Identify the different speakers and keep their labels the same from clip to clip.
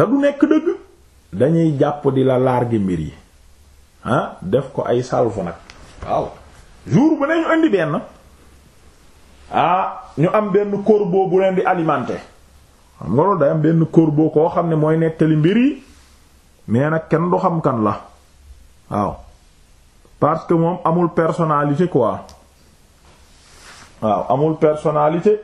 Speaker 1: te du nekk dëgg dañuy jàpp di la larguer mbir yi ah def ko ay salve nag waaw jour bu ne ñu indi benn ah ñu am benn corbeau bu leen di alimenter xam day am benn corbeau koo xam ne mooy nettali mbir yi mais nag kenn du xam kan la waaw parce que moom amul personnalité quoi waaw amul personnalité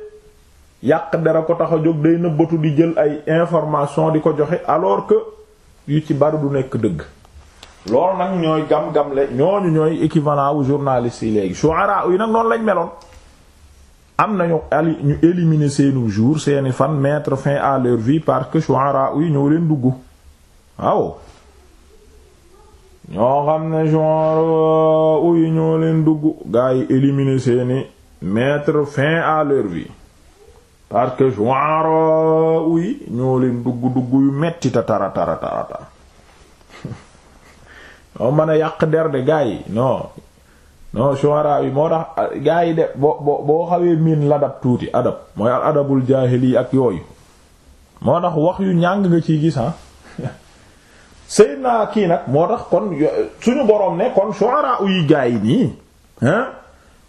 Speaker 1: yàq dara ko tax a jóg day nëbbatu di jël ay information di ko joxe alors que yu ci bari du nekk dëgg loolu nag ñooy gam-gamle ñooñu ñooy équivalent wu journaliste yi léegi shu'ara yi nag noonu lañ meloon am nañu ñu éliminer seenu jour seeni fan mettre fin à leur vie par que shu'ara yi ñoo leen dugg waaw ñoo xam ne shu'ara yi ñoo leen dugg gaa yi éliminer seeni mettre fin à leur vie parce que juara uy ñoo leen dugg dugg yu metti tara tara tara tara ñoo mën a yàq der de gaa yi non non juara yi moo tax ah, gaa yi de boo boo xawee miin ladab tuuti adab mooy al adabul jaahili ak yooyu moo tax wax yu ñàng nga ciy gis ah. sëy naa kii nag moo tax kon suñu boroom ne kon juara uy gaa yi nii hein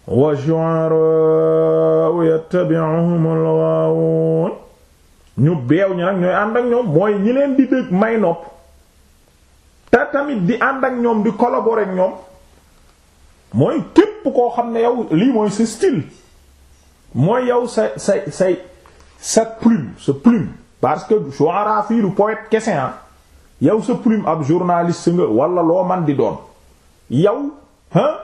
Speaker 1: wa shu'araa'u yattabi'uhumul ghaawuun ñu beew ñi nag ñooy ànd ak ñoom mooy ñi leen di dégg may nopp te tamit di ànd ak ñoom di collaborer ak ñoom mooy képp koo xam ne yow lii mooy sa style mooy yow sa sa say sa plume sa plume parce que shu'araa fii du poète kese ah. yow sa plume ab journaliste nga wala loo man di doon yow hein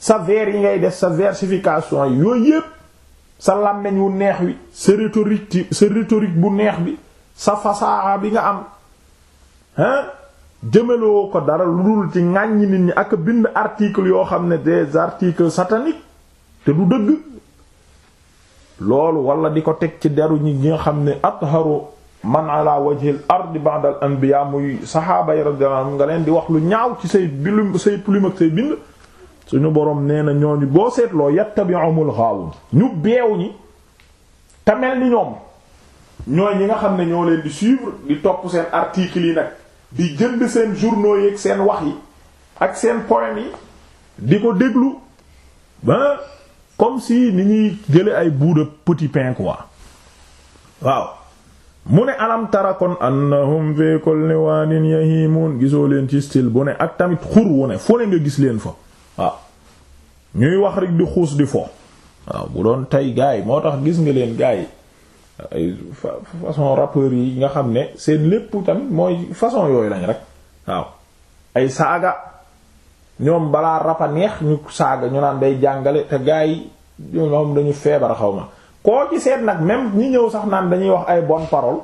Speaker 1: sa vers yi ngay def sa versification yi yooyu yépp sa làmmiñ wu neex wi sa rhétorique sa rhétorique bu neex bi sa fasaxa bi nga am hein jëmaloo ko dara lu dul ci ŋàññi nit ñi ak bind article yoo xam ne des articles sataniques te du dëgg loolu wala di ko teg ci deru ñi nga xam ne atharu man ala wajhi al ard ba'da al anbiya muy saxaaba yi radiyallahu nga leen di wax lu ñaaw ci say bilum say plume ak say bind suñu borom nee na ñooñu boo seetloo yattabi'umul ghaawun ñu beew ñi te ni ñoom ñooy ñi nga xam ne ñoo leen di suivre di topp seen articles yi nag di jënd seen journaux yi ak seen wax yi seen poèmes yi di ko déglu ba comme si ni ñuy jële ay bout de petit pain quoi waaw mu ne alam tara kon annahum fi kulli waadin yahimun gisoo leen ci style bu ne ak tamit xur wu ne foo ne nga gis leen fa waaw ñuy wax rek di xuus di fo waaw bu doon tey gaay moo tax gis nga leen gaay ay façon rappeurs yi nga xam ne seen lépp tamit mooy façon yooyu lañ rek waaw ay saaga ñoom balaa rapa neex ñu saaga ñu naan day jàngale te gaay ñoom dañu feebar xaw ma koo ci seet nag même ñi ñëw sax naan dañuy wax ay bonne parole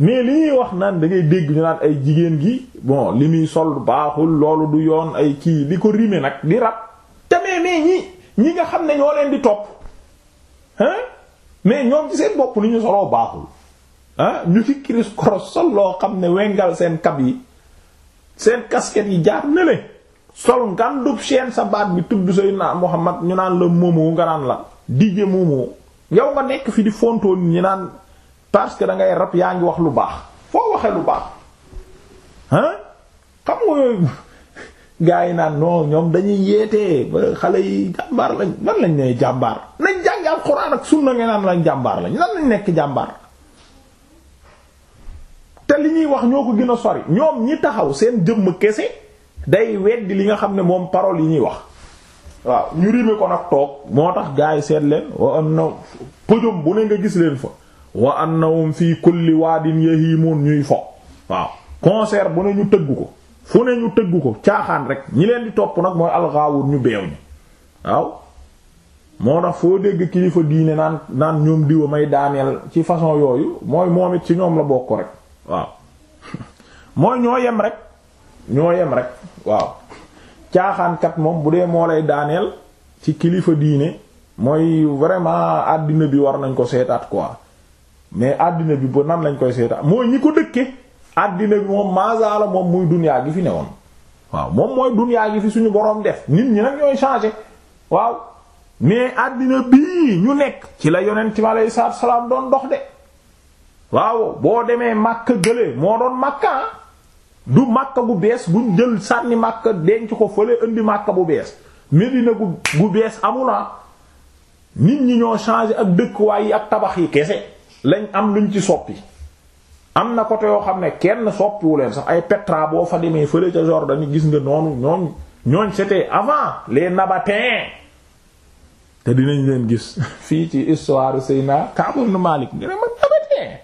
Speaker 1: mais li ñuy wax naan da ngay dégg ñu naan ay jigéen gi bon li muy sol baaxul loolu du yoon ay kii li ko rime nag di rab te mais mais ñi ñi nga xam ne ñoo leen di topp hein mais ñoom ci seen bopp li ñu soloo baaxul ah ñu fi kiris koros sol loo xam ne wengal seen kab yi seen casquette yi jaar na le sol ngandub seen sa baat bi tudd Seydina Muhammad ñu naan la moomoo nga naan la DJ moomoo yow nga nekk fi di fontoon ñu naan parce que dangay rab yaa ngi wax lu baax foo waxee lu baax ah xam nga yooyu gars yi naan non ñoom dañuy yeetee ba xale yi jàmbaar lañ nan lañ nee jàmbaar nañ ak sunna nga naan lañ jàmbaar lañ nan lañ nekk jàmbaar te li ñuy wax ñoo ko gën a sori ñoom ñi taxaw seen jëmm kese day weddi li nga xam ne moom parole yi ñuy wax waaw ñu rime ko nag toog moo tax gars yi seet leen wa na pëjom bu ne nga gis leen fa wa annahum fii kulli yi yahimun ñuy fo waaw concert bu ne ñu tëgg ko fu ne ñu tëgg ko caaxaan rek ñi leen di topp nag mooy alxaawur ñu beew ñi waaw moo tax foo dégg kilifa diine naan naan ñoom diwa may daaneel ci façon yooyu mooy moom ci ñoom la bokk rek waaw mooy ñoo yem rek ñoo yem rek waaw caaxaankat moom bu dee moo lay daaneel ci kilifa diine mooy vraiment àddina bi war nañ ko seetaat quoi mais àddina bi bu nan lañ koy seetaan mooy ñi ko dëkke àddina bi moom la moom muy dunyaa gi fi newoon waaw moom mooy dunyaa gi fi suñu boroom def nit ñi nag ñooy changer waaw mais àddina bii ñu nekk ci la yonent mi aleyhi salaatu salaam doon dox de waaw boo demee Makka gële moo doon Makka ah du Makka bu bees bu jël sànni Makka denc ko fële indi Makka bu bees Medina gu gu bees amula ah nit ñi ñoo changer ak dëkkuwaay yi ak tabax yi kese. lañ am luñ ci soppi am na côté yoo xam ne kenn soppiwu leen sax ay Petra boo fa demee fële ca Jordanie gis nga noonu ñooñ ñooñ c'était avant les nabatin te dinañ leen gis fii ci histoire Seyna Ka'b ibn Malik nga ne man Nabatéens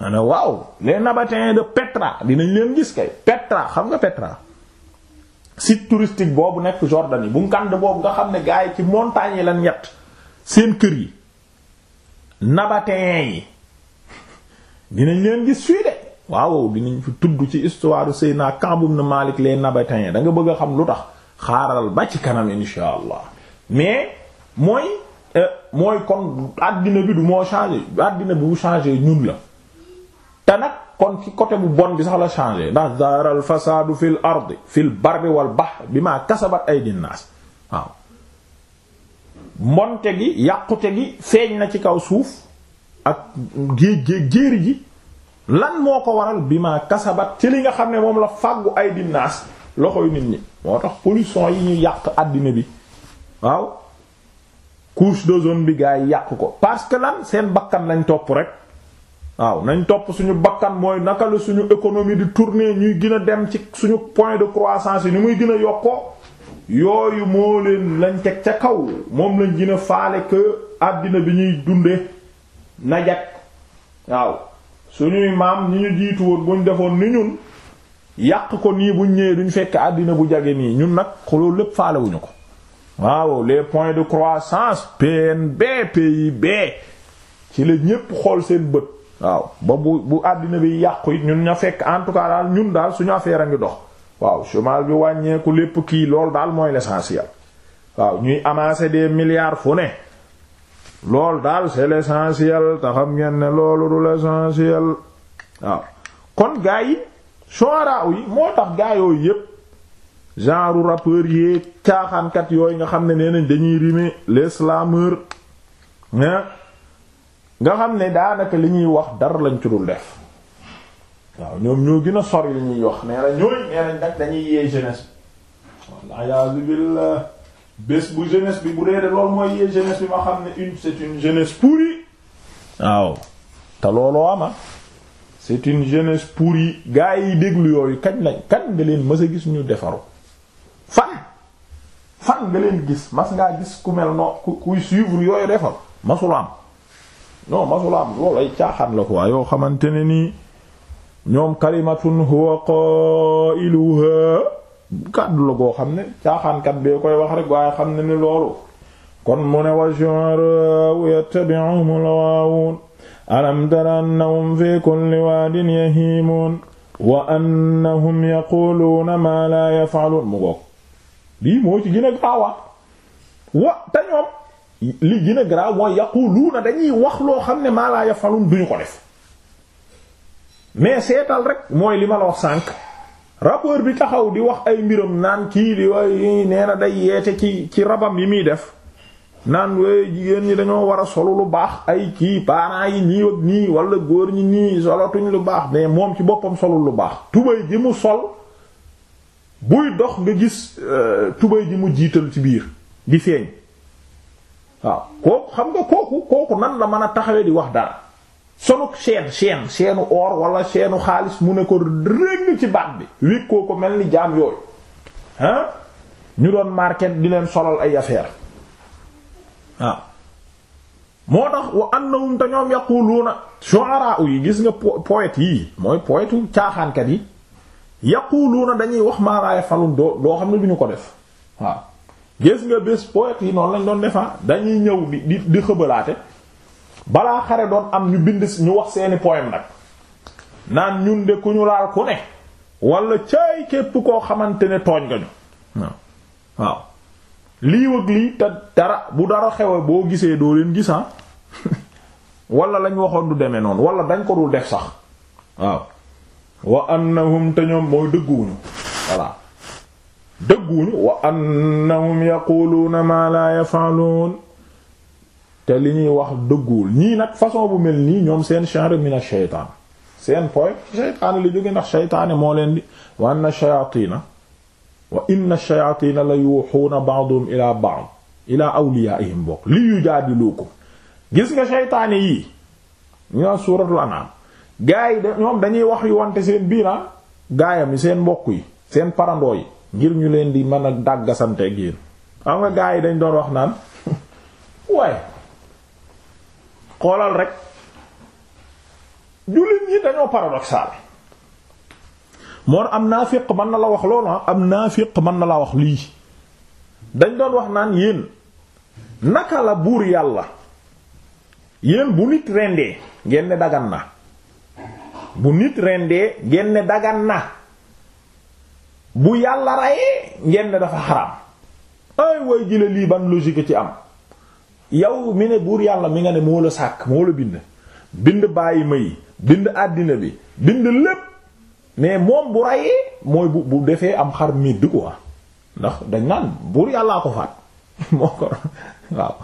Speaker 1: ma ne waaw les Nabatéens de Petra dinañ leen gis kay Petra xam nga Petra site touristique boobu nekk Jordanie bu ngand boobu nga xam ne gars yi ci montagnes yi lan ñett seen kër yi nabatéens yi dinañ leen gis fii de waaw dinañ fi tudd ci histoire Seydina Kaab ibn Malik les nabatéens da nga bëgg a xam lu tax xaaral ba ci kanam insha allah mais mooy euh, mooy kon àddina bi du moo changé àddina bu changé ñun la te nag kon ci côté bu bon bi sax la changé ndax zahara al fasadu fil ardi fil barri wal bahri bima kasabat ay nas waaw mbonte gi yàqute gi feeñ na ci kaw suuf ak géej géej géeri ji lan moo ko waral bi ma kasabat ci li nga xam ne moom la fàggu ay dinaas loxo yu nit ñi moo tax pollution yi ñuy yàq àddina bi waaw couche d'ozone bi gaa yi yàq ko parce que lan seen bàkkan lañ topp rek waaw nañ topp suñu bakkan mooy naka la suñu économie di tourner ñuy gën a dem ci suñu point de croissance yi ni muy gën a yokkoo yooyu moo leen lañ teg ca kaw moom lañ gën a faale que àddina bi ñuy dunde na jag waaw suñuy maam ñu ñu jiitu woon buñ defoon ni ñun yàq ko nii buñ ñëwee duñ fekk àddina bu jage nii ñun nag loolu lépp faalewuñu ko waaw les point de croissance PNB PIB ci la ñépp xool seen bët waaw ba bu bu àddina bi yàqu it ñun ña fekk en tout cas daal ñun daal suñu affaire a ngi dox waaw chômage bi wàññeeku lépp kii loolu daal mooy l'essentiel waaw ñuy amasser des milliards fu ne loolu daal c'est l'essentiel te xam ngeen ne loolu du l'essentiel waaw kon gaa yi shuara yi moo tax gaa yooyu yépp genre rappeur yi caaxaankat yooyu nga xam ne nee nañ dañuy rimer les slameurs nga xam ne daanaka li ñuy wax dara lañ ci dul def waaw ñoom ñoo gën a sori li ñuy wax nee na ñooy nee nañ nag dañuy yee jeunesse bi wallaahi billah bés bu jeunesse bi bu dee de loolu mooy yee jeunesse bi ma xam ne une c'est une jeunesse pourrie waaw te looloo ama ah. c'est une jeunesse yi gaa yi déglu yooyu kañ lañ kañ nga leen mas a gis ñu defaru fan fan nga leen gis mas ngaa gis ku mel no ku kuy suivre yooyu defar masula am non masula am loolu ay caaxaan la quoi yoo xamante ne nii ñoom kalimatun huwa qailuha kàddu la goo xam ne caaxaankat bee koy wax rek ne ni loolu kon mu ne wa shu'ara yattabi'uhum alam tara annahum fi kulli waadin yahimun wa annahum yaquluuna ma la yaf'alun mu ngoog lii moo ci gën a gaawa wa dañuy wax loo xam ne maa laa yaf'alun duñu ko def mais seetal rek mooy li wax sànq rapport bi taxaw di wax ay mbiram naan kii di way nee na day yeete ci ci rabam yi muy def naan wooy jigéen ñi dañoo war a solu lu baax ay kii parents yi nii ak nii wala góor ñi nii solatuñ lu baax mais moom ci boppam solul lu baax tubay ji mu sol buy dox nga gis euh, tubay ji mu jiital ci biir di feeñ waaw kooku xam nga kooku kooku nan la mën a taxawee di wax dara soluk chaîne chaîne chaîne or wala chaîne xaalis mu ne ko rëng ci baat bi wékkoo ko mel ni jaam yooyu ah ñu doon marqué di leen solal ay affaire waaw moo tax wa annahum te ñoom yaquluuna shu'ara yi gis nga poète yii mooy poète caaxaankat yi yaquluuna dañuy wax maa laa yafalun doo doo xam ne du ñu ko def waaw gis nga bés poète yi noonu lañ doon defaa dañuy ñëw di di di xëbalaate balaa xare doon am ñu bind ñu wax seeni poème nag naan ñun de ku ñu laal ku ne wala caay képp koo xamante ne tooñ nga ñu waaw lii wëg lii te dara bu dara xewe boo gisee doo leen gisaa ah. wala lañ waxoon du demee noonu wala dañ ko dul def sax waaw wa annahum te ñoom mooy dëgguwuñu voilà dëgguwuñu wa annahum yaquluuna ma la yaf'alun te li ñuy wax dëgguwul ñii nag façon bu mel nii ñoom seen chanre mina shaytaan seen pooy shaytaan li jóge ndax shaytaane moo leen di wa anna shayaatiina wa inna shayaatiina la yuuxuuna ba'duhum ilaa ba'd ilaa awliyaa'ihim bokk li yujaadiluukum gis nga shaytaane yii ñu naan suuratul anaam gaa yi da dañuy wax yu wante seen biira ah. gaayam yi seen mbokk yi seen parandoo yi ngir ñu leen di mën a dàggasante ak yéen xam nga gaa yi dañ doon wax naan waaye xoolal rek jullit ñi dañoo paradoxal moon am naafiq mën na la wax loolu ah, am naa féq man na la wax lii dañ doon wax naan yéen naka la buur yàlla yéen bu nit rendee ngeen ne na bu nit rendee ngeen ne dagan na bu yàlla rayee ngeen dafa xaraam ay way jële lii ban logique ci am yow mi ne buur yàlla mi nga ne moo la sàkk moo la bind bind bàyyi ma bind àddina bi bind lépp mais moom bu rayee mooy bu defee am xar midd quoi ndax dañ naan buur yàllaa ko faat moo ko waaw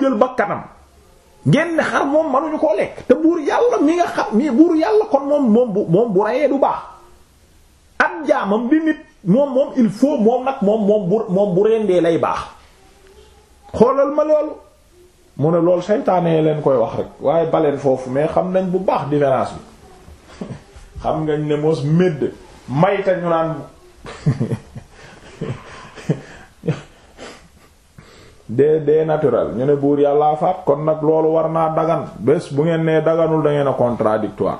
Speaker 1: jël bakkanam ngeen ne xar moom mënuñu koo lekk te buur yàlla mi nga xam yàlla kon moom bu moom bu rayee du baax ab jaamam bi nit moom moom il faut moom nag moom bu moom bu rendee lay baax xoolal ma loolu mu ne loolu seytaane leen koy wax rek waaye baleen foofu mais xam nañ bu baax différence bi xam ngañ ne mos médd mayta ñu naan dee dee naturel ñu ne buur yàllaa faat kon nag loolu war naa dagan bés bu ngeen nee daganul da ngeen a contradictoire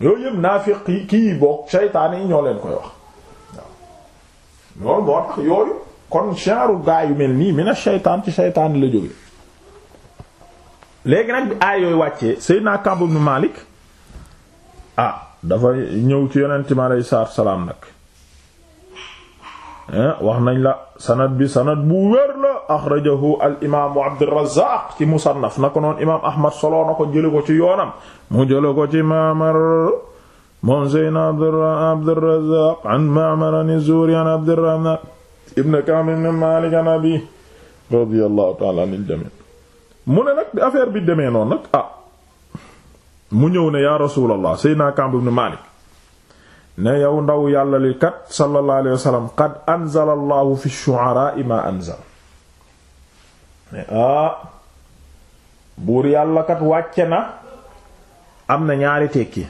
Speaker 1: yooyu yëpp naafiq yi kii boog seytaane yi ñoo leen koy wax waaw loolu moo tax yooyu kon genre gaayu mel nii mina shaytaan ci shaytaan la jóge léegi nag bi aay yooyu wàccee Malik ah dafa ñëw ci yonent mi aleyhi salaam nag eh, wax nañ la sanad bi sanad bu wér la axrajahu al imaamu Abdurrazaaq ci musannaf na ko noon imaam na ko jële ko ci yoonam mu jële ko ci Ma'mar moom Seydina Abdurrazaaq an Ma'mar an Zuhri an Abdurrahmaan ibn Ka'b ibn Malik an abi radiyallahu ta'ala anil jami mu ne nag bi affaire bi demee noon nag ah mu ñëw ne yaa rasulallah sayyidina Ka'b ibn Malik ne yow ndaw yàlla li kat sallallahu alayhi wa qad anzala allahu fi shu'ara'i ma anzal ah, buur yàlla kat wàcce na am na ñaari tekki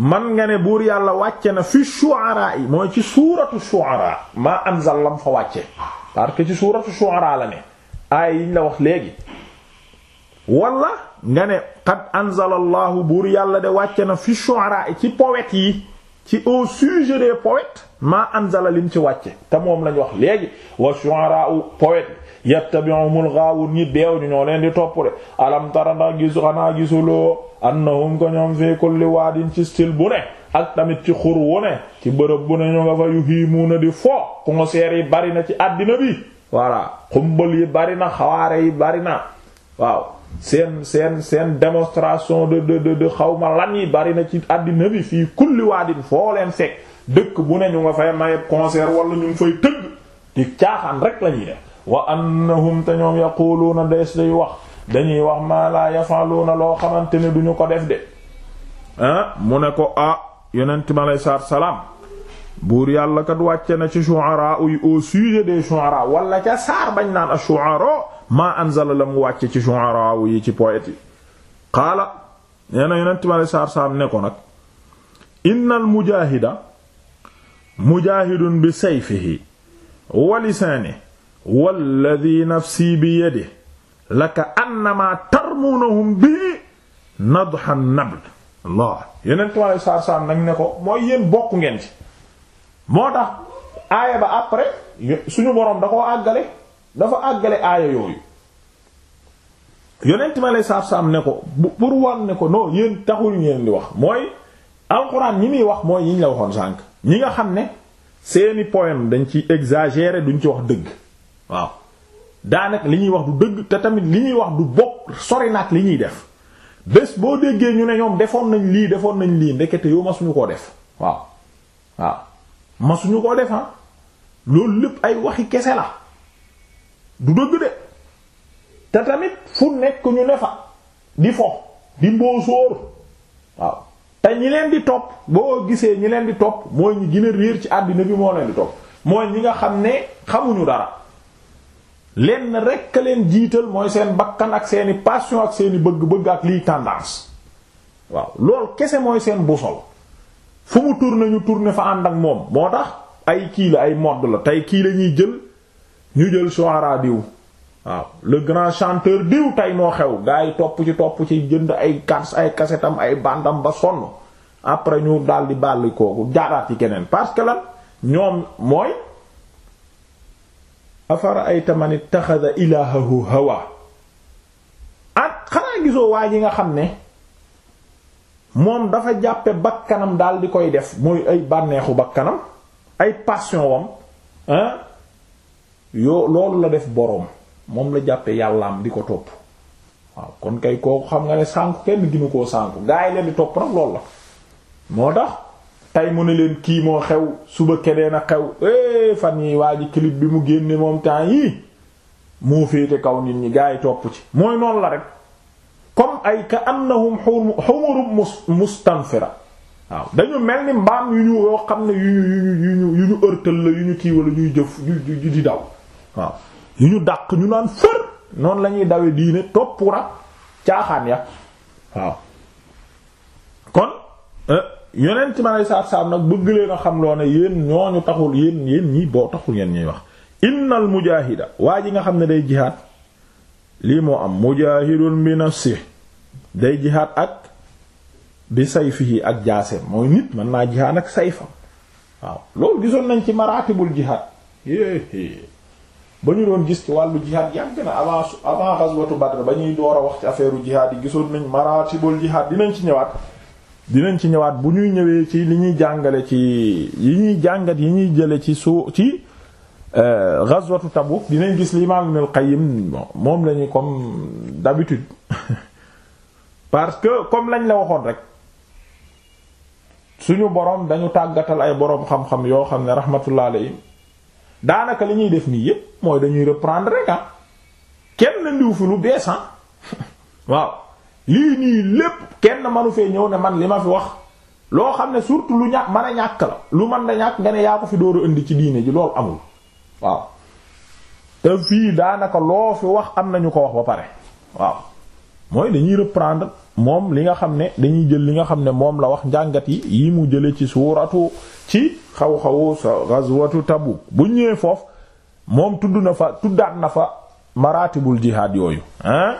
Speaker 1: man ngane buur yàlla wàcce na fi shu'ara yi mooy ci suuratu shu'ara ma anzal lam fa wàcce parce ci suuratu shu'ara la ne aay yiñ la wax léegi wala ngane ne qad allahu buur yàlla de wàcce na fi shu'ara ci poètes yi ci au sujet des poètes anzala lim ci wàcce te moom lañ wax léegi wa shu'ara poètes yattabi'umul ghaawun ñi deew ñu ñoo leen di topp de alam tara ndax gisu xanaa gisuloo annahum ko ñoom fi kulli waadin ci stil bu ne ak tamit ci xur wu ne ci bërëb bu ne ñu nga fa di fo yi bari na ci àddina bi voilà xumbal yi bari na xawaare yi bari na waaw seen seen seen de de de de lan yi bari na ci àddina bi fii kulli waadin foo leen dëkk bu ne ñu nga fay maye concert wala ñu ngi fay tëgg di caaxaan rek la ñuy wa annahum te ñoom yaquluuna dees day wax dañuy wax maa laa yafaluuna loo xamante ne duñu ko def de ah, mu ne ko a ah, yonent mi aley salaam buur yàlla kat wàcce na ci shu'ara yi au sujet des shu'ara wala ca saar bañ naan ash-shu'ara maa anzala la mu wàcce ci shu'ara yi ci poète yi qaala nee na yonent mi aley salaam ne ko nag innal mujaahida mujaahidun bi sayfihi wa lisaanihi walladi nafsi bi yadi laka annama tarmuunahum bii nadxan nabl allah yeneen nag ne ko mooy yéen bokk ngeen ci moo tax aaya ba après suñu boroom da koo àggale dafa àggale aaya yooyu yonent ma lay saaf ne ko pour wan ko non yéen taxul ngeen di wax mooy alxuraan ñi muy wax mooy yi la waxoon sànq ñi nga xam ne seeni poème dañ ci exagéré duñ ci wax dëgg waaw daanaka li ñuy wax du dëgg te tamit li ñuy wax du bopp sori nag li ñuy def bés boo déggee ñu ne ñoom defoon nañ lii defoon nañ lii ndekete yow masuñu koo def waaw ma suñu koo def ah. loolu lépp ay waxi kese la du dëgg de te tamit fu nekk ñu ne fa di fo di mboosóor waaw te ñi leen di topp boo gisee ñi leen di topp mooy ñi gën a réer ci àddina bi moo leen di topp mooy ñi nga xam ne xamuñu dara lenn rekk leen jiital mooy seen bakkan ak seeni passion ak seeni bëgg-bëgg ak liy tendance waaw loolu kese mooy seen busol fu mu tourné ñu tourné fa ànd ak moom moo tax ay kii la ay modd la tey kii lañuy jël ñu jël soara diw waaw le grand chanteur diw tey moo xew gaa yi topp ci topp ci jënd ay kars ay kasetam ay bandam ba sonn après ñu daldi bàlli kooku jaaraat ci keneen parce que lan ñoom mooy afara'ayta man ittaxada ilaahahu hawa ak ah, xanaa gisoo waa ji nga xam ne moom dafa jàppe bakkanam daal di koy def mooy ay bànneexu bakkanam ay passion wam hein ah, yoo loolu la def boroom moom la jàppe yàllaam di ko topp waaw kon kay kooku xam nga ne sànku kenn ginu koo sànku gaa yi leen di topp nag loolu la moo tax tey mu ne leen kii moo xew suba keneen a xew eh fan yi waa ji clip bi mu génne moom temps yii moo féete kaw nit ñi gaa yi topp ci mooy noonu la rek comme ay ka annahum humurun mustanfira waaw dañu mel ni mbaam yu ñu yoo xam ne yu ñu yu ñu yu ñu ërtal la yu ñu kii wala ñuy jëf yu di daw waaw yu ñu dàq ñu naan fër noonu la dawe diine topp rab caaxaan ya waaw kon. Eh, yonent ma lay saat saam nag bëgg leen a xam loo ne yéen ñooñu taxul yéen yéen ñii boo taxul yéen ñuy wax innal mujahida waa ji nga xam ne day jihaad lii moo am mujahidun bi nafsi day jihaad ak bi sayfihi ak jaaseem mooy nit mën naa jihaad ak sayfam waaw loolu gisoon nañ ci maratibul jihaad ba ñu doon gis ci wàllu jihaad yàgg na avant avant ghazwatu Badr ba ñuy door a wax ci affaire jihaad yi gisoon nañ maratibul jihaad dinañ ci ñëwaat dinañ ci ñëwaat bu ñuy ñëwee ci li ñuy jàngale ci yi ñuy jàngat yi ñuy jële ci su ci euh, ghazwatu tabu dinañ gis li Imam Ibn al-Qayyim moom lañuy comme d'habitude parce que comme lañ la waxoon rek suñu borom dañu tàggatal ay boroom xam-xam yoo xam ne rahmatullah alayhim daanaka li ñuy def nii yépp mooy dañuy reprendre rek ah kenn ndiw fi lu bees ah. waaw lii nii lépp kenn manu fee ñëw ne man li ma fi wax loo xam ne surtout lu ñàkk mën a ñàkk la lu man na ñàkk nga ne yaa ko fi dooru indi ci diine ji loolu amul waaw te fii daanaka loo fi wax am nañu ko wax ba pare waaw mooy dañuy reprendre moom li nga xam ne dañuy jël li nga xam ne moom la wax njàngat yi yi mu jële ci suuratu ci xaw-xawu sa gazwatu Tabuk bu ñëwee foofu moom tudd na fa tuddaat na fa maraatibul jihad yooyu hein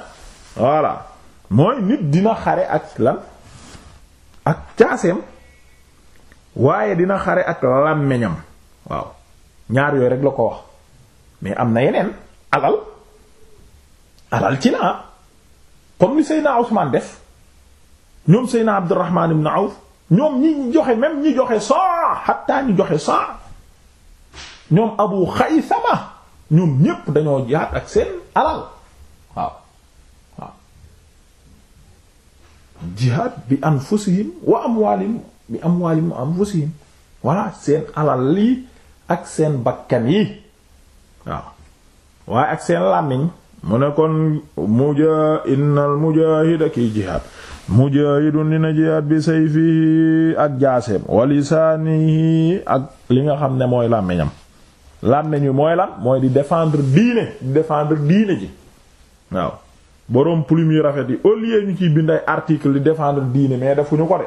Speaker 1: voilà mooy nit dina xare ak lan ak caaseem waaye dina xare ak làmmiñam waaw ñaar yooyu rek la ko wax mais am na yeneen alal alal ci naa comme ni Seydina Ousmane def ñoom Seydina Abdurrahman ibn Awf ñoom ñi joxe même ñi joxe saa xataa ñi joxe saa ñoom Abu Xaysama ñoom ñépp dañoo jaat ak seen alal waaw jihaad bi anfusihim wa amwaalihim bi amwaalihim wa anfusihim voilà seen alal lii ak seen bakkan yi waaw waaye ak seen làmmiñ mu ne kon muja innal mujaahida kiy jihaad mujaahidun dina jihaad bi sayfihi ak jaaseem wa ak li nga xam ne mooy làmmiñam làmmiñ wi mooy lan mooy di défendre diine di diine ji waaw boroom plume yu rafet yi au lieu ñu ci bind ay article di défendre diine mais defuñu ko de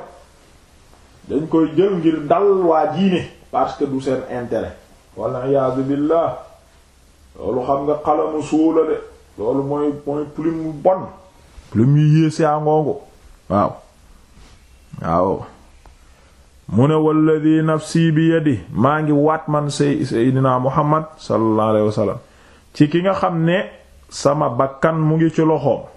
Speaker 1: dañ koy jël ngir dal waa diine parce que du seen intérêt walla iyaazu billaah loolu xam nga xalamu suula de loolu mooy mooy bon plume yu yéese a ngoongu waaw waaw mu ne walladi nafsi bi yadi maa ngi waat man say seydinaa muhammad sallallahu alayhi wasallam ci ki nga xam ne sama bakkan mu ngi ci loxoom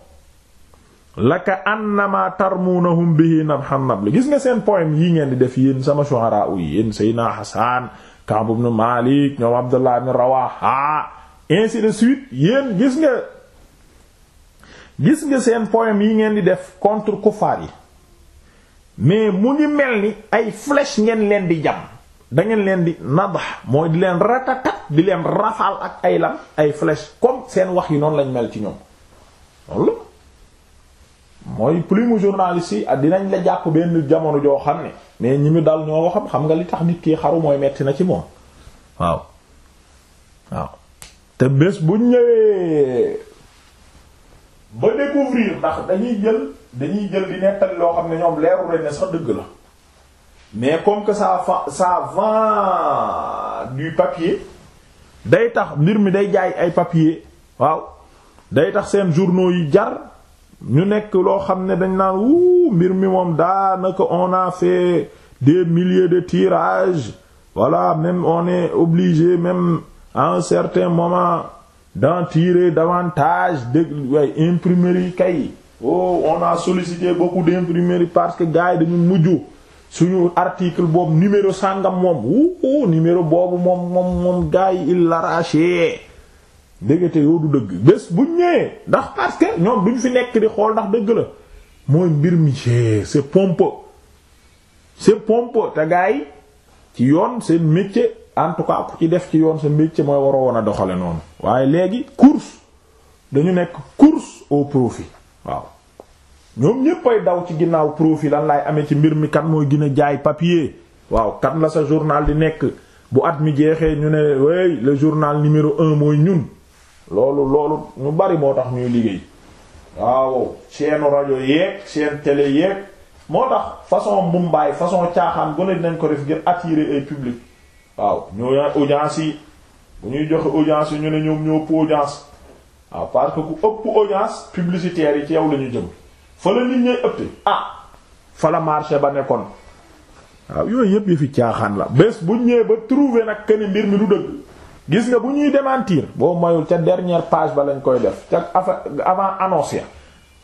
Speaker 1: laka annama tarmuunahum bihi nabhan nabl gis nga seen poème yi ngeen di def yéen sama shu'ara yi yéen Seydina Hassan Ka'b ibn Malik ñoom Abdullah ibn Rawaha ainsi de suite yéen gis nga gis nga seen poème yi ngeen di def contre kufaar yi mais mu ngi mel ni ay flèche ngeen leen di jam da ngeen leen di nadax mooy di leen ratata di leen rafaal ak ay lan ay flèche comme seen wax yi noonu lañ mel ci ñoom loolu mooy plume journaliste yi ah, dinañ la jàpp benn jamono joo xam ne mais ñi mu dal ñoo ko xam xam nga li tax nit kii xaru mooy metti na ci moom waaw waaw te bés bu ñëwee ba découvrir ndax dañuy jël dañuy jël di nettali loo xam ne ñoom leeru rek ne sax dëgg la mais comme que fa ça vend du papier day tax mbir mi day jaay ay papier waaw day tax seen journaux yi jar ñu nekk loo xam ne dañ naan wuu mbir mi moom daanaka on a fait des milliers de tirages voilà même on est obligé même à un certain moment d'en tirer davantage de way imprimerie kay oh on a sollicité beaucoup d'imprimerie parce que gars dañu mujj suñu article boobu numéro sàngam moom wuu numéro boobu moom moom moom gars yi il l'arraché dëggate yow du dëgg bés bu ñëwee ndax parce ñoom duñ fi nekk di xool ndax dëgg la mooy mbir mi c'est pompeux c'est pompeux te gars ci yoon seen métier en tout ku ci def ci yoon sa métier mooy waroo woon a doxale noonu waaye léegi course dañu nekk course au profit waaw ñoom ñéppay daw ci ginnaaw profil lan laay amee ci mbir mi kan mooy gën a jaay papier waaw kan la sa journal di nekk bu at mi jeexee ñu ne wey le journal numéro un mooy ñun loolu loolu ñu bari moo tax ñuy liggéey waaw chaîne rajo yeeg chaîne télé yeeg moo tax façon mbumbaay façon caaxaan gone nañ ko def ngir attirer ay public waaw ñooy audience yi bu ñuy joxe audience yi ñu ne ñoom ñu ëpp audience waaw parce que ku ëpp audience publicitaire yi ci yow la ñu jëm fa la nit ñay ëpp ah fa la marché ba nekkoon waaw yooyu yëpp yu caaxaan la bés bu ñëw ba trouver nag këni mbir mi du dëgg gis nga bu ñuy démentir boo mayul ca dernière page ba lañ koy def ca avant annonce ya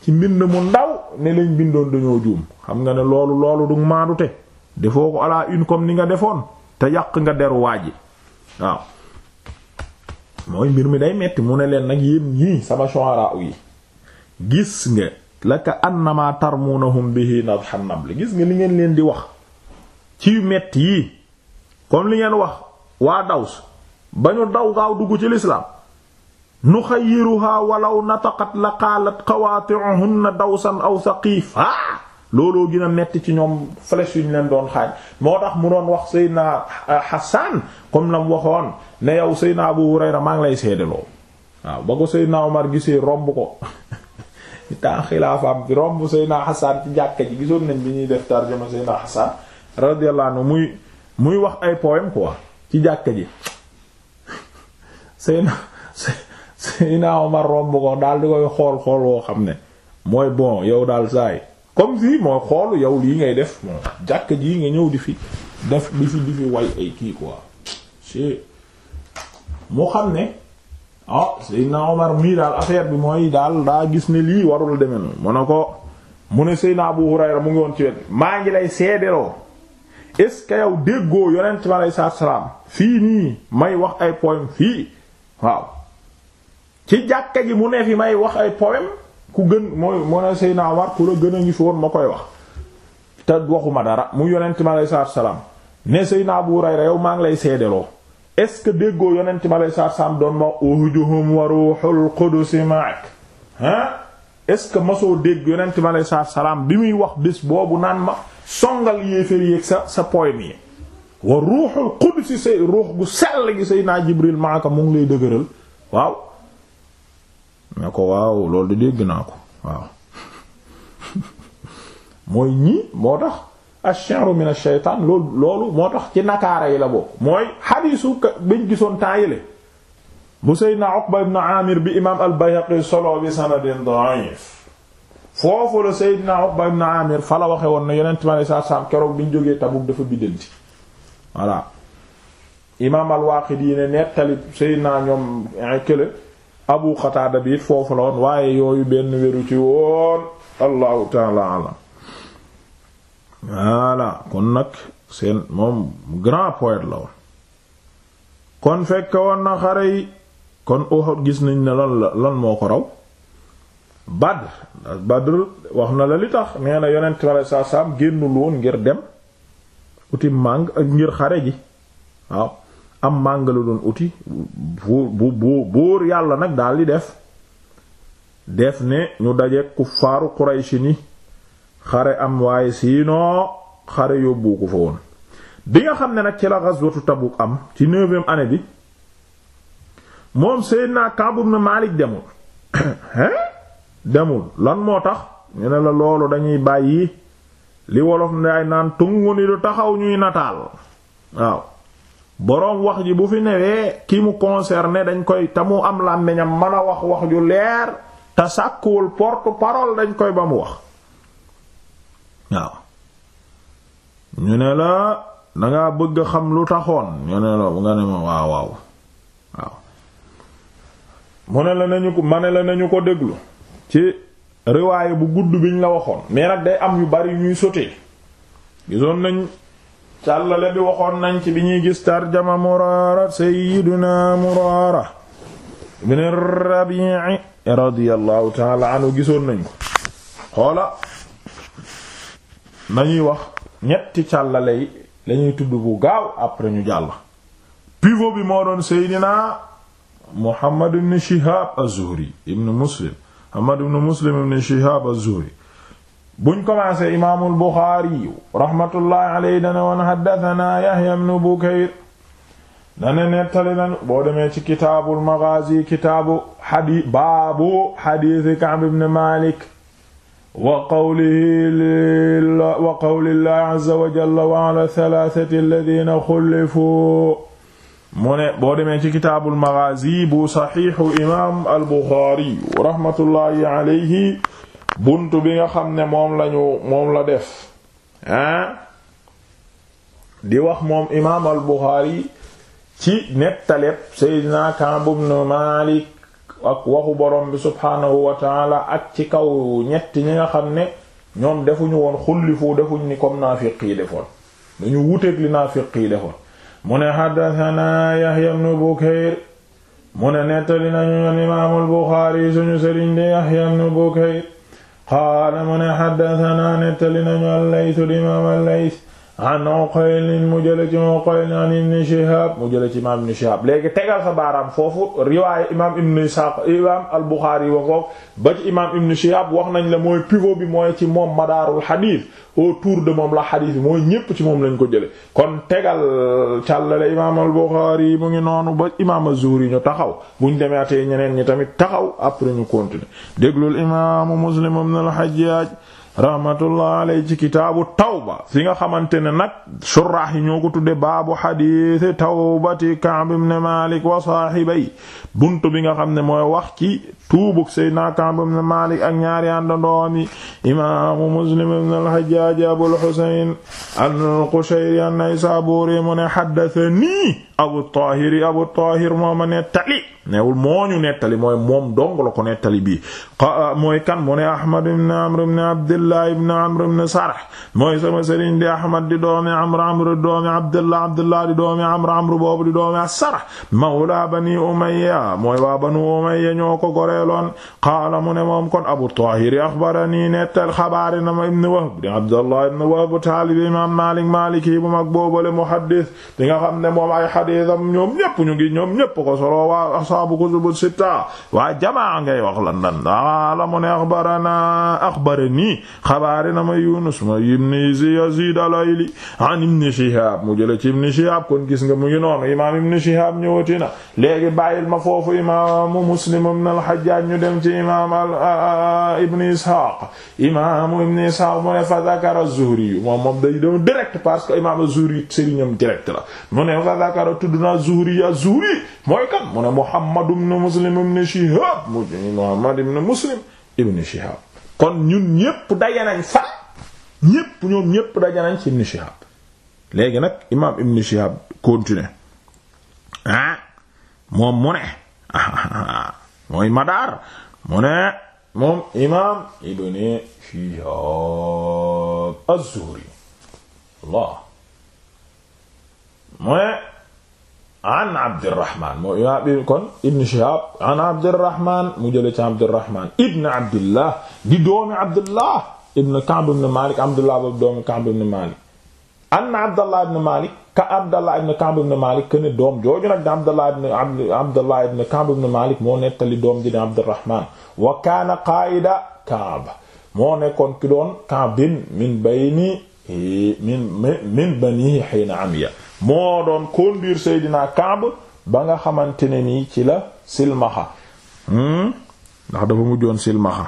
Speaker 1: ci mbind mu ndaw ne lañ bindoon dañoo juum xam nga ne loolu loolu du maandute defoo ko à la comme ni nga defoon te yàq nga deru waaj yi waaw mooy mbir mi day metti mu ne leen nag yéen ñii sama shu'ara yi gis nga laka annama tarmuunahum bihi nadhan nabl gis nga li ngeen leen di wax ci metti yi kon li ngeen wax waa daws ba ñu daw gaaw dugg ci lislaam nuxayiruhaa walaw nataqat la qaalat qawaati'uhunna dawsan aw saqiifa looloo gën metti ci ñoom flèche yu ñu leen doon xaaj moo tax mu doon wax Seydina euh, Hassan comme la mu waxoon ne yow Seydina Abu Hurayra maa ngi lay seedeloo waaw ba ko Seydina Omar gisee romb ko temps xilaafaam bi romb Seydina Hassan ci jàkka ji gisoon nañ bi ñuy def tarjuma Seydina Hassan radiyallahu anhu muy muy wax ay poème quoi ci jàkka ji Seydina Seydina Omar romb ko daal di koy xool xool woo xam ne mooy bon yow daal saay comme si mooy xoolu yow lii ngay def moom jàkka jii nga ñëw di fi def di fi di fi way ay kii quoi mu xam ne ah Seydina Omar mii daal affaire bi mooy daal daa gis ne lii warul demee noonu mu ne ko mu ne Seydina Abu ra mu ngi woon ci wet maa ngi lay seedeloo est-ce que yow déggoo yonent bi aleyhi salaatu salaam fii nii may wax ay poème fii waaw ci jàkka ji mu ne fi may wax ay poème ku gën mooy mu ne Seydina Omar ku la gën a ngi fi woon ma koy wax te waxuma dara mu yonent bi aleyhi salaatu salaam ne Seydina Abu Hurayra yow maa ngi lay seedeloo est-ce que déggoo yonent ma lay saar doon ma uhujuhum wa ruhul qudus ma'ak ah est-ce que masoo dégg yonent ma lay bi muy wax bés boobu naan ma songal yéeféer yéeg sa sa poy mi wa ruhul qudus say ruux gu sell gi say naa maaka mu lay dëgëral waaw ne ko waaw loolu di dégg naa ko waaw mooy ñii moo tax ash-shi'ru min ash-shaytaan loolu moo tax ci nakaara yi la bokk mooy xadiisu bañ gisoon temps yële bu Seydina Uqba ibn Amir bi imaam al-Bayhaqi solo bi sanadin da'if foofu la Seydina Uqba ibn Amir fa la waxe woon ne yonent mi alayhi salaatu salaam keroog biñ jógee Tabuk dafa biddanti voilà imaam al-Waaqidi ne nettali Seydina ñoom eh, kële Abu Qataada bi it foofu la woon waaye yooyu benn wéru ci woon allahu taala alam voilà kon nag seen moom grand poète la woon kon fekk woon na xare yi kon Uhud gis nañ ne lan la lan moo ko raw Badr Badr wax na la li tax nee na yonent sallallahu alayhi wasallam génnul woon ngir dem uti màng ak ngir xare ji waaw am màng la doon uti bu bu buur yàlla nag daal di def def ne ñu daje ku faaru Quraysh ni xare am waaye sinon xare yóbbu ko fa woon bi nga xam ne nag ci la ghazwatu Tabuk am ci neuvième année bi moom Seydina Ka'b ibn Malik demul hein demul lan moo tax ñu ne la loolu dañuy bàyyi li wolof ndaay naan tungu ni du taxaw ñuy nataal waaw boroom wax ji bu fi newee ki mu ne dañ koy te mu am làmmiñam mën a wax wax ju leer te sàkkuwul porte parole dañ koy ba mu wax waaw ñu ne la danga bëgg a xam lu taxoon ñu ne la nga ne ma waaw waaw mu ne la nañu ko ma ne la nañu ko déglu ci riwaaye bu gudd biñ la waxoon mais nag day am yu bari yu ñuy sotee gisoon nañ càllale bi waxoon nañ ci bi ñuy gis tarjama muraara sayyiduna muraara bin rabii radiyallahu taala gisoon nañ ko xoola nañuy wax ñetti càllale yi lañuy tudd bu gaaw après ñu jàll pivot bi moo doon seydinaa muhammad ibn shihaab az-zuhri ibn muslim muhammad ibn muslim ibn shihaab az-zuhri buñ commencé imaamul buxaari rahmatullahi alayhi dana woon haddathana yahya ibn bukayr dana nettali nañu boo demee ci kitaabul maghaazi kitaabu xadi baabu xadiisi ka'b ibn maalik wa qawlihi wa qawlillahi azza wa jalla wa ala thalathati alladhina xullifu mu ne boo demee ci kitaabul maghazi bu saxiixu imaam al buxaari rahmatullahi alayhi buntu bi nga xam ne moom lañu moom la def ah di wax moom imaam al buxaari ci nettaleb Seydina Kaab ibn Maalik ak waxu borom bi subhaanahu wa taala ak ci kaw ñetti ñi nga xam ne ñoom defuñu woon xullifu defuñ ni comme naafiq yi defoon dañu wuteeg li naafiq defoon mu ne xaddasanaa yaxya ibnu bukayr ne nettali nañu ñoon imaamul buxaari suñu sëriñ di yaxya ibnu bukayr mu ne xaddasanaa nettali nañu al imaam al an ah, Uqayl mu jële ci Uqayl an Ibn Shihab mu jële ci imaam Ibn Shihab léegi tegal sa baaraam foofu riwaaye imaam Ibn Ishaq imaam al-Bukhari wa ba ci imaam Ibn Shihab wax nañ la mooy pivot bi mooy ci moom madaarul xadiis autour de moom la xadiis bi mooy ñépp ci moom lañ ko jële kon tegal càllale imaam al-Bukhari mu ngi noonu ba imaam az yi ñu taxaw buñ demee atee ñeneen ñi tamit taxaw après ñu continuer déglul imaamu Muslim ibn al rahmatullah alay ci kitaabu tawba fi nga xamante ne nag suraax yi ñoo ko tudde baabu xadiisi tawbati Kaab ibn Malik wa saaxibay buntu bi nga xam ne mooy wax ci tuubug Seydina Kaab ibn Malik ak ñaari àndandoom yi imaamu Muslim ibn al-Hajjaj Abul Husayn al-Qushayri an-Naysaburi mu Abu Tahir Abu Tahir newul moo ñu nettali mooy moom dong la ko nettali bii ah, mooy kan mu ne ahmad ibn amr ibn abdullah ibn amr ibn sarh mooy sama sëriñ di ahmad di doomi amr amr di abdullah abdullah di doomi amr amr boobu di doomi as-sarh mawla bani umayya mooy waa banu umayya ñoo ko goreeloon qaala mu ne moom kon abu tahir akhbarani nettal xabaari na wahb di abdullah ibn wahb taalibi imam malik maliki bu mag boobale muhaddis di nga ne moom ay xadiisam ñoom ñépp ñu ngi ñoom ñépp ko solo waa ashaabu a sitta waa jamaa ngay wax lan lan la mu ne axbarana axbarani xabaari na ma Yunus ma ibn Yazid al-Ayli an ibn Shihab mu jële ci ibn Shihab kon gis nga mu ngi noonu imaam ibn Shihab ñëwati na léegi bàyyil ma foofu imaamu Muslim ibn al-Hajjaj ñu dem ci imaam ibn Ishaq imaamu ibn mu ne fa zakara az-Zuhri moom moom day doon direct parce que imaam az-Zuhri sëriñam direct mu ne Muhammad ibn Muslim ibn Shihab mu kon ñun ñépp daje nañ fa ñépp ñoom léegi nag imaam ibn Shihab ah, moom mu ne mooy madaar mu ne moom imaam ibn Shihab az-Zuhri mu ne an Abdirahman moo imaam kon Ibn Shihab an Abdirahman mu jëlee ci Abdirahman Ibn Abdillah di doomi Abdillah Ibn Ka'b ibn Malik Abdillah boobu doomi Ka'b ibn Malik an Abdallah ibn Malik ka Abdallah ibn Ka'b ibn Malik que ne doom jooju nag di Abdallah ibn Abdallah ibn Ka'b ibn Malik moo nettali doom ji di Abdirahman wa kaana qaa'ida Ka'b moo nekkoon ki doon Ka'b min bayni min min banihi hiina amiya moo doon conduire Seydina Kaab ba nga xamante ne nii ci la silmaxa hmm? ndax dafa mujjoon silmaxa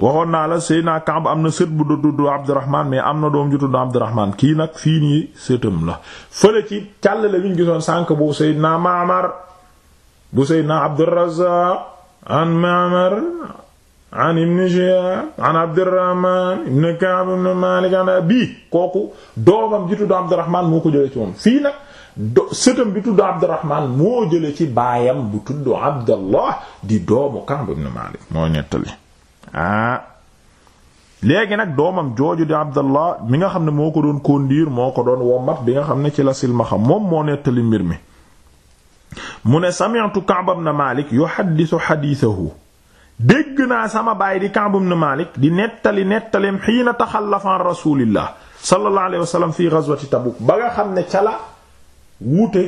Speaker 1: waxoon naa la Seydina Kaab am na sët bu dudd Abdurahmaan mais am na doom ju tudd Abdurahmaan kii nag fii nii sëtam la fële ci càll la ñu gisoon sànk bu Seydina Maamar bu Seydina Abdurrazaaq an Maamar an ibn Shihab an ibn Ka'b ibn Malik abi kooku doomam ji tudd Abdurrahman moo ko jëlee ci moom fii nag do bi tudd Abdurrahman moo jële ci baayam bu tudd Abdallah di doomu Ka'b ibn Malik moo nettali ah léegi nag doomam jooju di Abdallah mi nga xam ne moo ko doon conduire moo ko doon wommat bi nga xam ne ci la silmaxa moom moo nettali mbir mi mu ne sami'tu Ka'b ibn Malik yuhaddisu hadithahu dégg naa sama baay di Ka'b na Malik di nettali nettaleem xiina taxallafa an rasulillah sallallahu alayhi wa sallam fi ghazwati Tabuk ba nga xam ne ca la wuute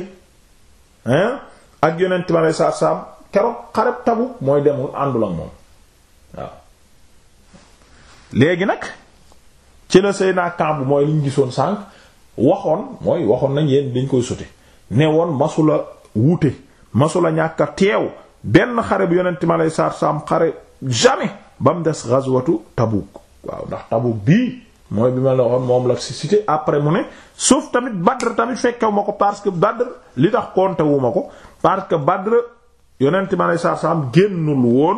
Speaker 1: ak yonent bi aleyhi salaatu salaam keroog xareb Tabuk mooy demul àndul ak moom waaw léegi nag ci la Seydina Ka'b mooy liñ gisoon sànq waxoon mooy waxoon nañ yéen dañ koy sote ne woon masula wuute masula ñàkk a teew benn xare bu yonent mi aleyhi salaatu salaam xare jamais ba mu des ghazwatu Tabuk waaw ndax Tabuk bii mooy bi ma la waxoon moom la si cité après mu ne sauf tamit Badr tamit fekkewu ko parce que Badr li tax konte wu ko parce que Badr yonent mi aleyhi salaatu salaam génnul woon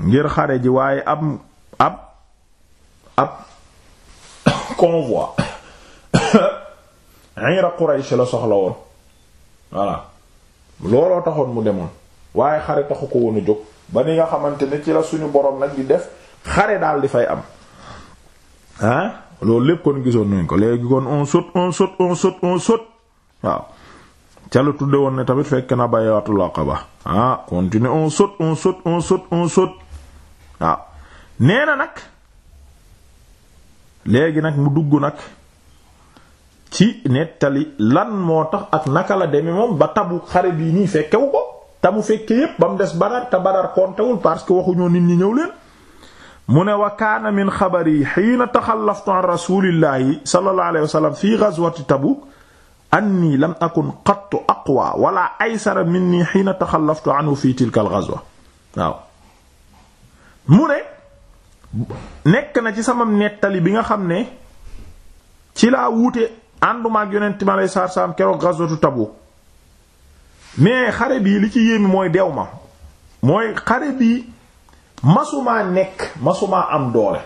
Speaker 1: ngir xare ji waaye ab ab ab convoi ayra Quraysh la soxla woon voilà looloo taxoon mu demoon waaye xare taxu ko woon a jóg ba ni nga xamante ne ci la suñu boroom nag di def xare daal di fay am ah loolu lépp kon gisoon nañ ko léegi kon on saute on saute on saute on saute waaw ca la tudde woon ne tamit fekk na bayatul aqaba ah continue on saute on saute on saute on saute waaw nag léegi nag mu dugg nag ci nettali lan moo tax naka la demee ba tabu xare bii nii fekkewu ko te mu fekkee yépp ba mu des badar te badar kontewul parce que waxuñoo nit ñi ñëw leen mu ne wa kaana min xabari xiina taxallaftu an rasulillahi sallallahu alayhi wa sallam fi ghazwati tabuk anni lam akun qattu aqwa wala aysara minni xiina taxallaftu anhu fi tilka na ci sama nettali bi nga xam ne ci laa wuute àndumaak yonent mi alayhi salaam keroog ghazwatu tabuk mais xare bii li ci yéemi mooy dew ma mooy xare bii masumaa nekk masuma am doole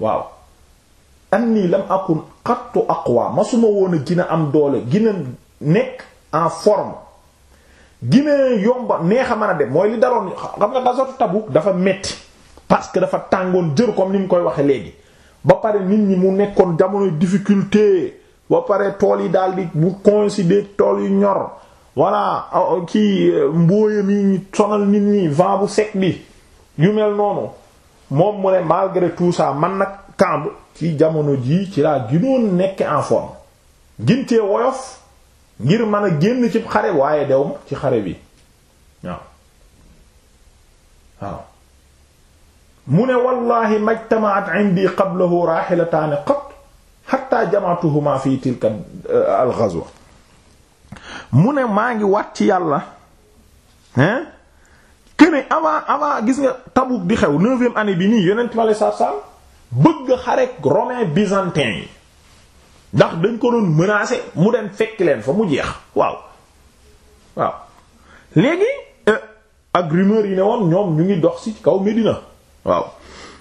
Speaker 1: waaw anni lam akun qattu aqwa masuma woon a gina am doole gina nekk en form gina yomba neex a mën a dem mooy li daroon xam nga gasatu Tabuk dafa metti parce que dafa tàngoon jër comme ni mu koy waxee léegi ba pare nit ñi mu nekkoon jamono difficulté ba pare tool yi daal di mu coïncider tool yu ñor voilà ci euh, euh, euh, mbooyam yi sonal nit ñi vent bu sec bi yu mel noonu moom mu ne malgré tout man nag kamb ci jamono jii ci laa ginoon nekk en forme gintee woyof ngir mën a génn ci xare waaye dew ma ci xare bi waaw mu ne wallahi majtamaat indi qablahu rahilataani qat hatta jama'tuhuma fi tilka al-ghazwa mu ne maa ngi waat ci yàlla hein kene avant avant gis nga Tabuk di xew neuvième année bi nii yonent ma lay sarsam bëgg xarek romain byzantin yi ndax dañ ko doon menacer mu dem fekk leen fa mu jeex waaw waaw léegi euh, ak rumeur yi ne woon ñoom ñu ngi dox ci kaw mi Médina waaw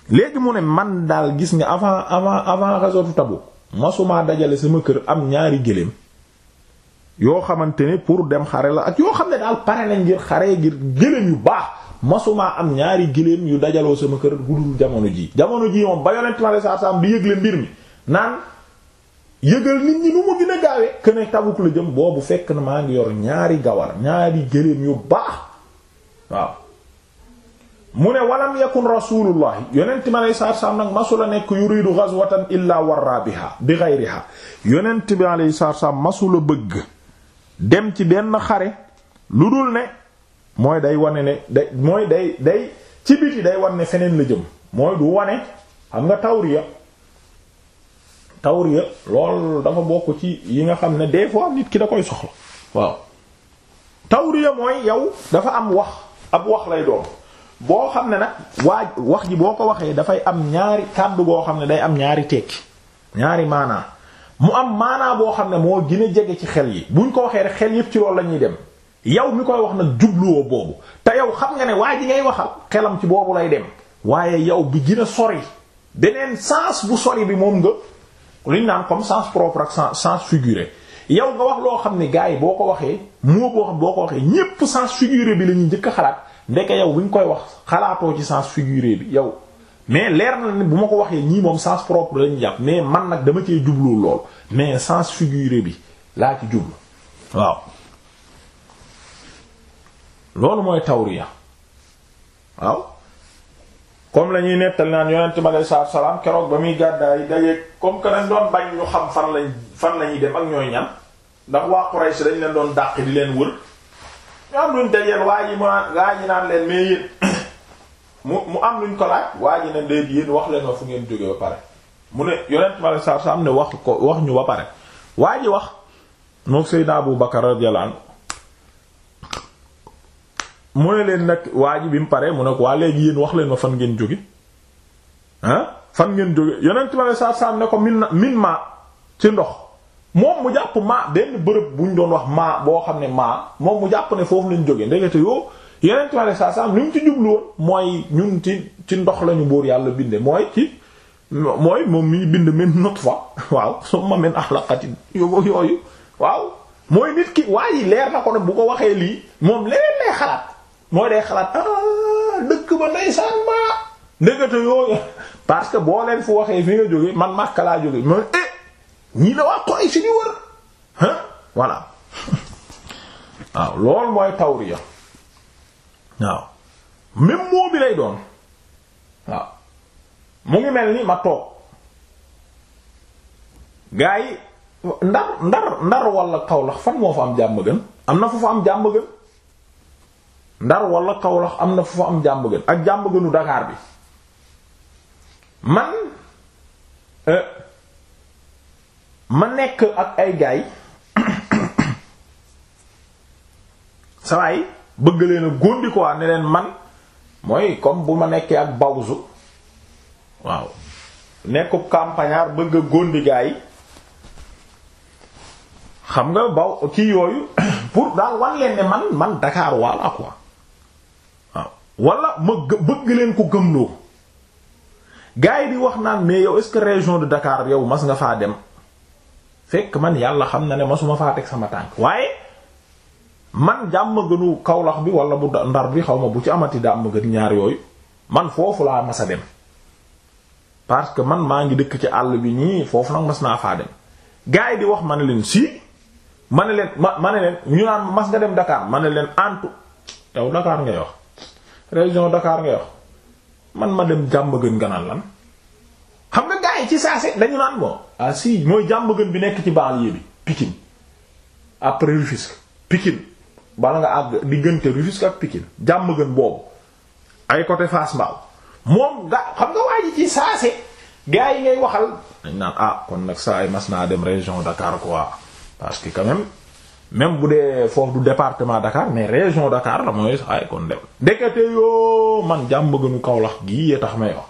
Speaker 1: léegi mu ne man daal gis nga avant avant avant réseau Tabuk masumaa dajale sama kër am ñaari gëléem yoo xamante ne pour dem xare la ak yoo xam ne daal pare nañ ngir xare ngir gëléem yu baax masumaa am ñaari gëléem yu dajaloo sama kër gudul jamono jii jamono ji moom ba yonent ma saa saam di yëgle mbir mi naan yëgal nit ñi nu mu gën fekk na maa ngi yor ñaari gawar ñaari gëléem yu baax waaw ne walam yakun rasulullahi yonent bi aleyhi salaatu salaam nag masula nekk yuridu ghazwatan illa warra biha bi ghayriha yonent bi aleyhi salaatu salaam masula bëgg dem ci benn xare lu dul ne mooy day wane ne day mooy day day ci biti day wane ne feneen la jëm mooy du wane xam nga tawriya tawriya lool dafa bokk ci yi nga xam ne des fois nit ki da koy soxla waaw tawriya mooy yow dafa am wax ab wax lay doon boo xam ne nag waa wax ji boo ko waxee dafay am ñaari kàddu goo xam ne day am ñaari tekki ñaari maanaa mu am maanaa boo xam ne moo gën jege ci xel yi buñ ko waxee rek xel yépp ci loolu la ñuy dem yow mi koy wax nag jubluwoo boobu te yow xam nga ne waa ji ngay waxal xelam ci boobu lay dem waaye yow bi gën a sori beneen sance bu sori bi moom nga luñ naan comme sens propre ak sens figuré yow nga wax loo xam ne gars yi boo ko waxee moo boo xam boo ko waxee ñépp sens figuré bi la ñuy njëkk a xalaat ndeke yow ñu koy wax xalaatoo ci sance figuré bi yow mais leer na ne bu ma ko waxee ñii moom sens propre lañu jàpp mais man nag dama cee jublu lool mais sens figuré bi laa ci jublu waaw loolu mooy tawriya waaw comme lañuy ñuy nettal naan yonent bi aleyhi salaatu wa salaam keroog ba muy gàddaay dajeeg comme que dañ doon bañ ñu xam fan lañ fan lañuy dem ak ñooy ñan ndax waa Quraysh dañ leen doon dàq di leen wër ñoo am luñ dajeel waa yi mu waa yi naan leen mais yéen mu mu am luñ ko laaj waa ji ne déet yéen wax leen ma fu ngeen jóge ba pare mu ne yonent ma sa sa am ne wax ko wax ñu ba pare waa ji wax moom Seydina Abu Bakar radiyallahu anhu ne leen nag waa bi mu pare mu ne ko waa léegi yéen wax leen ma fan ngeen jóge fan ngeen jóge yonent ma sa sa ko min min ci ndox moom mu jàpp ma benn bërëb bu ñu doon wax ma boo xam ne ma moom mu jàpp ne foofu lañ jóge ndekete yoo yeneen tool yi saa saa lu mu ci jubluwoon mooy ñun ci ci ndox lañu buur yàlla binde mooy ci mooy moom mi bind min nutfa waaw summa min alaqatin yooyu waaw mooy nit ki waa yi leer na ko ne bu ko waxee lii moom leneen lay xalaat ah, dëkk ba ndeysaan ma ndekete yooyu parce que boo leen fu waxee fi nga man Makka laa jóge mooy eh ñii la waa Quraysh ni wër ah voilà waaw loolu mooy tawriya waaw même moo bi lay doon waaw mu ngi mel ni ma toog gaa yi ndar ndar ndar wala kawlax fan moo fa am jàmm gën am na fu fa am jàmm gën ndar wala kawlax am na fu fa am jàmm gën ak jàmm gënu Dakar bi man euh, ma nekk ak ay gaay sawaay bëgg leen a góndi quoi ne leen man mooy comme bu ma nekkee ak bawsu waaw nekkub campagnard bëgg a góndi gaa yi xam nga baw kii yooyu pour daal wan leen ne man man Dakar walla quoi waaw wala ma bëgg leen ko gëmloo gaa yi di wax naan mais yow est région de Dakar yow mas nga faa dem fekk man yàlla xam na ne masuma faa teg sama tànk waaye man jàmm gënu kawlax bi wala bu ndar bi xaw ma bu ci amati dàmm gën ñaar yooyu man foofu laa mas a dem parce que man maa ngi dëkk ci àll bi ñii foofu nag mas naa faa dem gars yi wax ma ne leen si ma ne leen ma ma leen ñu naan mas nga dem Dakar ma ne leen antu yow Dakar ngay wax région Dakar ngay wax man ma dem jàmm gën nga naan lan. xam nga gars yi ci saase dañu naan bon ah si mooy jàmm gën bi nekk ci banlieue bi Pikine après Rufisque Pikine bala nga àgg diggante Rufisque ak Pikine jàmm gën boobu ay côté Fass Mbao moom ga xam nga waa ji ci saase gars yi ngay waxal dañ naan ah kon nag saa ay mas naa dem région Dakar quoi parce que quand même bu dee foofu du département Dakar mais région Dakar la mooy ay kon dem ndekete yoo man jàmm gënu Kaolack gii yee tax may wax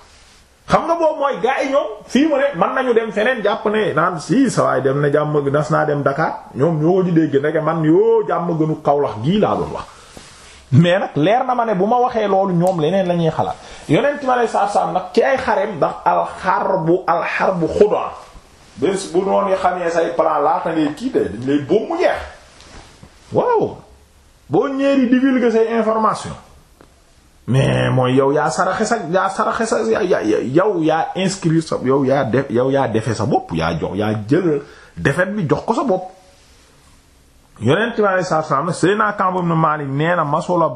Speaker 1: boobu mooy gaa yi ñoom fii mu ne mën nañu dem feneen jàpp ne naan si sa dem na jàmm nas naa dem Dakar ñoom ñoo di dégg ndeke man yoo jàmm gënu Kaolack gii laa doon wax. mais nag leer na ma ne bu ma waxee loolu ñoom leneen la ñuy yeneen yonent ma lay saabsaab nag ci ay xareem ndax alxarbu alxarbu xudaa bés bu noonu xamee say plan laata ngay kii de dañ lay boobu mu jeex waaw boo ñeeri divulguer say information mais mooy yow yaa saraxe sa yaa saraxe sa yaa yow yaa inscrire sa yow yaa def yow yaa defe sa bopp yaa jox yaa jël defet bi jox ko sa bopp yonent bi alei satu salaam Seydina Kaab ibn Maalik nee na masula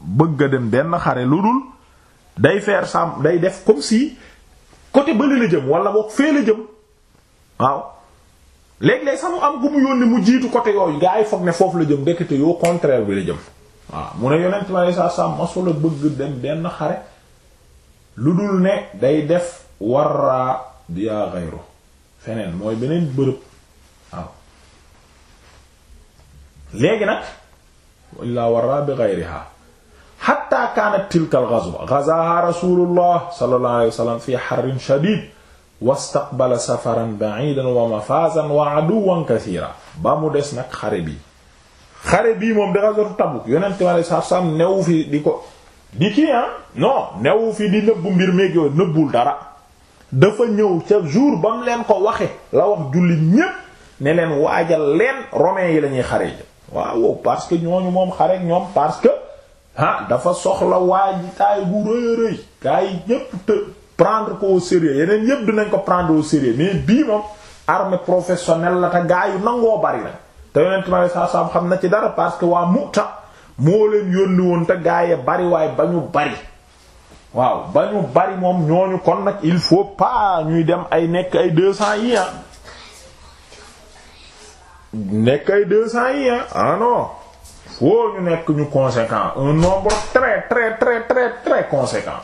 Speaker 1: bëgg a dem benn xare lu dul day faire sam day def comme si côté bëli la jëm wala boog fee la jëm waaw léeg-léeg sax mu am ku mu yónni mu jiitu côté yooyu gaa yi foog ne foofu la jëm ndekete yoo contraire bi la jëm waaw mu ne yonent bi alei satu salaam masula bëgg dem benn xare lu dul ne day def warraa biyaa gayru feneen mooy beneen bërëb waaw léegi nag illaa warraa bi gayriha xatta kaanat tilka al ghazwa ghazaha rasulullah sallallahu alayhi wa sallam fi harrin shadid wastaqbala safaran ba'idan wa mafazan wa aduwan kathira ba mu des nag xare bi xare bii moom da xasatu Tabuk yonent ma lay saaf newu fi di ko di kii ah non newu fi di nëbbu mbir meeg nëbbul dara dafa ñëw ca jour ba mu leen ko waxe la wax jullit ñépp ne leen waajal leen romain yi la ñuy xare ji parce que ñooñu moom xare ñoom parce que ah dafa soxla waajitaay bu rëy a yi ñépp te prendre ko sérieux yeneen yépp dinañ ko prendre au sérieux mais bii moom armée professionnelle la te gars yu nangoo bari la te yonent mi aleyhi salaatu salaam xam na ci dara parce que waa Mu'ta moo leen yónni woon te gaaye bari waaye ba ñu bari waaw ba ñu bari moom ñooñu kon nag il faut pas ñuy dem ay nekk ay deux cents yi ah nekk ay deux cents yi ah. ah non foo ñu nekk ñu conséquent un nombre très très très très très conséquent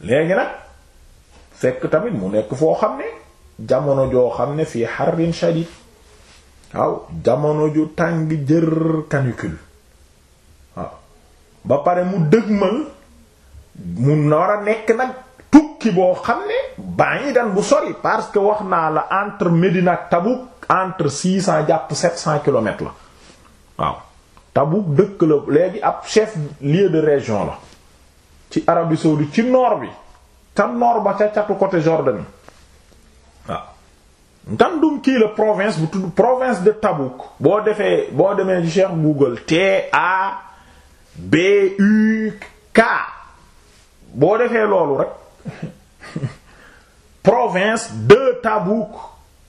Speaker 1: léegi nag fekk tamit mu nekk foo xam ne jamono joo xam ne fii harrin shadid waaw jamono ju tàng jër canicule waaw ba pare mu dëgmal mu war a nekk nag tukki boo xam ne baa ngi dan bu sori parce que wax naa la entre Médina ak entre six cent jàpp sept cent kilomètres la waaw Tabouk dëkk la léegi ab chef lieu de région la ci Arabie saoudite ci nord bi ca noor ba ca catu côté Jordanie Ngandum kii la province bu tudd province de Tabouk boo defee boo demee ci Cheikh Google T A boo defee loolu rek province de Tabouk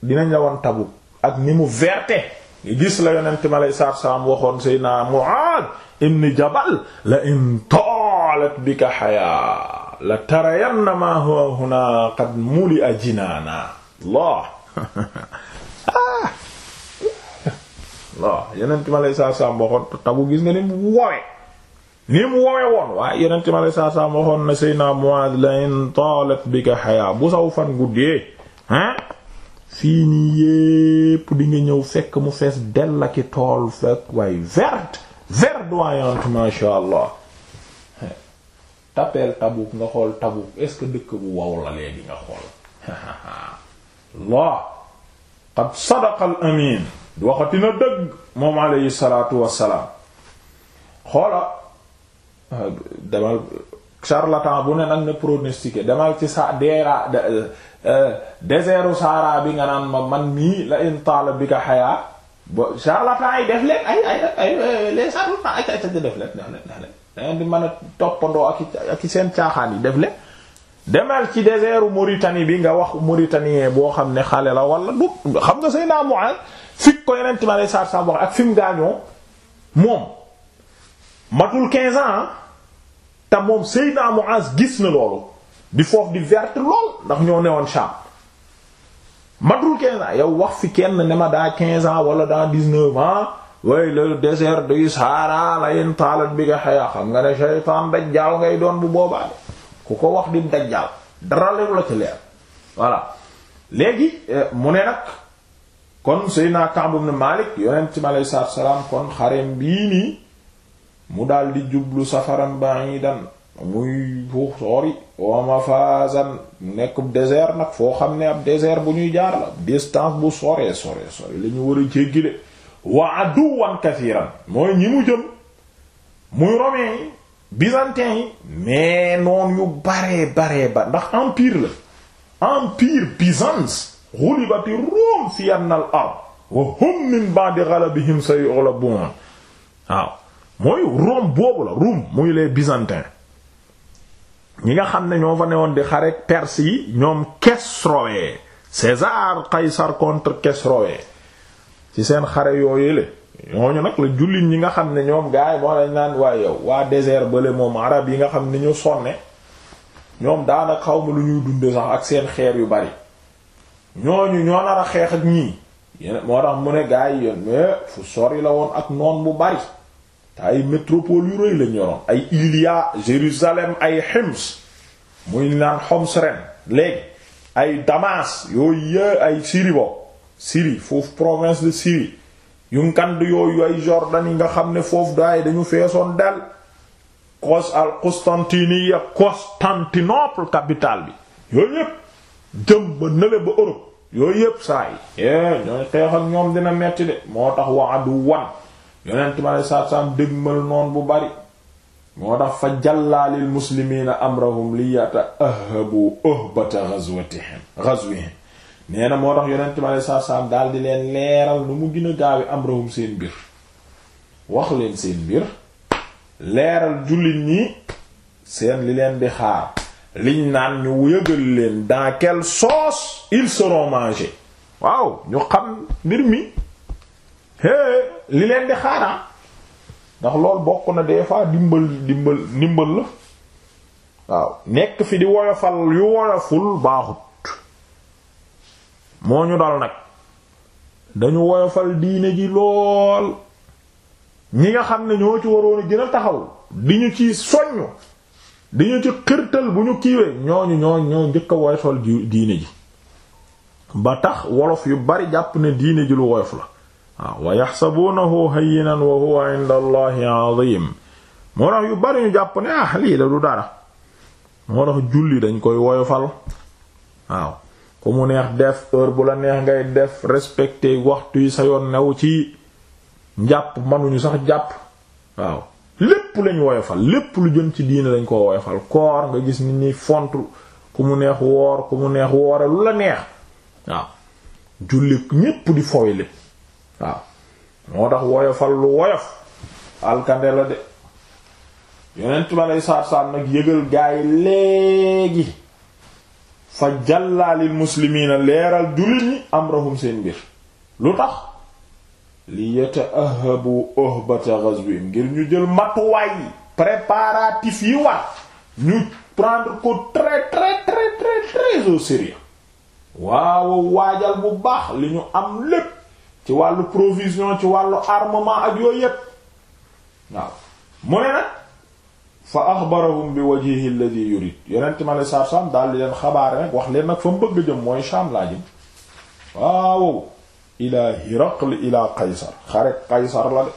Speaker 1: dinañ la won Tabouk ak ni mu verte gis la yonent mi aleyhi salaatu wa salaam waxoon Seydina Muaad ibn Jabal la in taalat bika hayaa la tarayanna maa huwa huna qad muli a jinaana Allah ah waaw yeneen ci ma lay saa saa mboqoon tabu gis nga ni mu woowee ni mu woowee woon waaye yeneen ci lay saa saa mboqoon na Seydina Muaz la in taalat bika hayaa bu saw fan guddee ah fii yépp di ñëw fekk mu fees dell ak i tool fekk waaye verte verdoyante masha Allah tapeel Tabuk nga xool Tabuk est dëkk bu wow la léegi nga xool. Allah qad sadaqa al amin waxati na dëgg moom alayhi salaatu wassalaam xoola demal charlatan bu ne nag na pronostiqué demal ci sa deera euh, euh, désertu Sahara bi nga naan ma man mii la in bi ka xayaa ba charlatan ay def leen euh, ay ay ay def leen def leen def leen dangeen di mën a toppandoo ak i seen caaxaan yi def leen demal ci désertu Mauritanie bi nga wax mauritanien boo xam ne xale la wala du xam nga say naa Mu'aaz fig ko yeneen ma lay sa wax ak fi mu gaañoo moom matul 15 ans ah te moom Seydina Muaz gis na loolu di foofu di vert lool ndax ñoo woon Sham matul 15 ans yow wax fi kenn ne ma daa 15 ans wala daa 19 ans way le désert du Sahara la yéen bi nga xëya xam nga ne shaytan daj jaaw ngay doon bu boobaa ku ko wax di dajjaal dara leeru la ci leer voilà léegi eh, mu ne nag kon naa Ka'b ibn Malik yonent mi aleyhi salaatu salaam kon xare bii nii mu daal di jublu safaran ba'idan muy fu soori wa mafazan nekk désert nag foo xam ne ab désert bu ñuy jaar la distance bu soree soree soree la war a jéggile wa aduwan kathiran mooy ñi mu jëm muy romee byzantin yi mais noon yu baree baree ba ndax empire la empire byzance xulibati Rome fi anna al ard wa hum waaw mooy Rome boobu la Rome muy les byzantins ñi nga xam ne ñoo fa newoon di xarek perse yi ñoom Kesrowe César Qaysar contre Kesrowe ci seen xare yooyu le ñooñu nag la jullit ñi nga xam ne ñoom gaay moo naan waaye yow waa désert bale moom arab yi nga xam ne ñu sonne ñoom xaw ma lu ñuy dunde sax ak seen xeer yu bari ñooñu ñoo nar a xeex ak ñii moo tax mu ne gaay yi yoon fu sori la woon ak noon bu bari te ay métropole yu rëy lañ yoroon ay Ilia Jérusalem ay Hims muy naan Homs ren ay Damas yooyu yë ay Syrie boobu Syrie foofu province de Syrie yu ngand yooyu ay Jordan nga xam ne foofu daay dañu feesoon dal cos al Constantiniya Constantinople capitale bi yooyu yépp jëm ba nële ba Europe yooyu yépp saa yi eh, ñooy xeex ak ñoom dina metti de moo tax waadu wan yonent ma ne saat-saam dégmal noon bu bari moo tax fa jallaalil muslimiina amrahum liyata ahhabu uhbata ghazwatihim ghazwihim nee na moo tax yonent bi alei satu salaam daal di leen leeral nu mu gën a gaawi am rawum seen mbir wax leen seen mbir leeral jullit ñi seen li leen di xaar liñ naan ñu yëgal leen dans quelle sauce ils seront mangés waaw ñu xam mbir mi hé li leen di xaara ah. ndax lool bokk na des fois dimbal dimbal dimbal la waaw nekk fi di woyofal yu woyoful baaxut moo ñu dal nag dañu woyofal diine ji lool ñi nga xam ne ñoo ci waroon a gën taxaw di ñu ci soññ di ñu ci xirtal bu ñu kiiwee ñooñu ñoo ñoo njëkk woyofal diine ji ba tax wolof yu bari jàpp ne diine ji lu woyof la waaw wa yaxsabunahu hayyinan wa huwa inda allahi moo tax yu bari ñu jàpp ne ah lii la du dara moo tax julli dañ koy woyofal waaw ku mu neex def heure bu la neex ngay def respecté waxtu yi sa yoon new ci njàpp manuñu sax jàpp waaw lépp lañ woyofal lépp lu jëm ci diine lañ ko woyofal koor nga gis nit ñi font ku mu neex woor ku mu neex woore lu la neex waaw julli ñépp di fooy lépp waaw moo tax woyofal lu woyof alkande la de yonent ma lay saar saar nag yëgal gaay léegi fa jàllaalil muslimiina leeral jullit ñi amrahum seen mbir lu tax li yata'ahabu ohbata ghazwin ngir ñu jël matuwaay yi préparatif yi war ñu prendre ko très très très très très au sérieux waaw waajal bu baax li ñu am lépp ci wàllu provision ci wàllu armement ak yooyu yépp waaw mu ne nag fa axbarahum bi wajihi alladhi yurid yonent ma la saar saam daal di leen xabaare nag wax leen nag fa mu bëgg jëm mooy Shaam laa jëm waaw ilaa Hiraql ilaa Qaysar xare Qaysar la de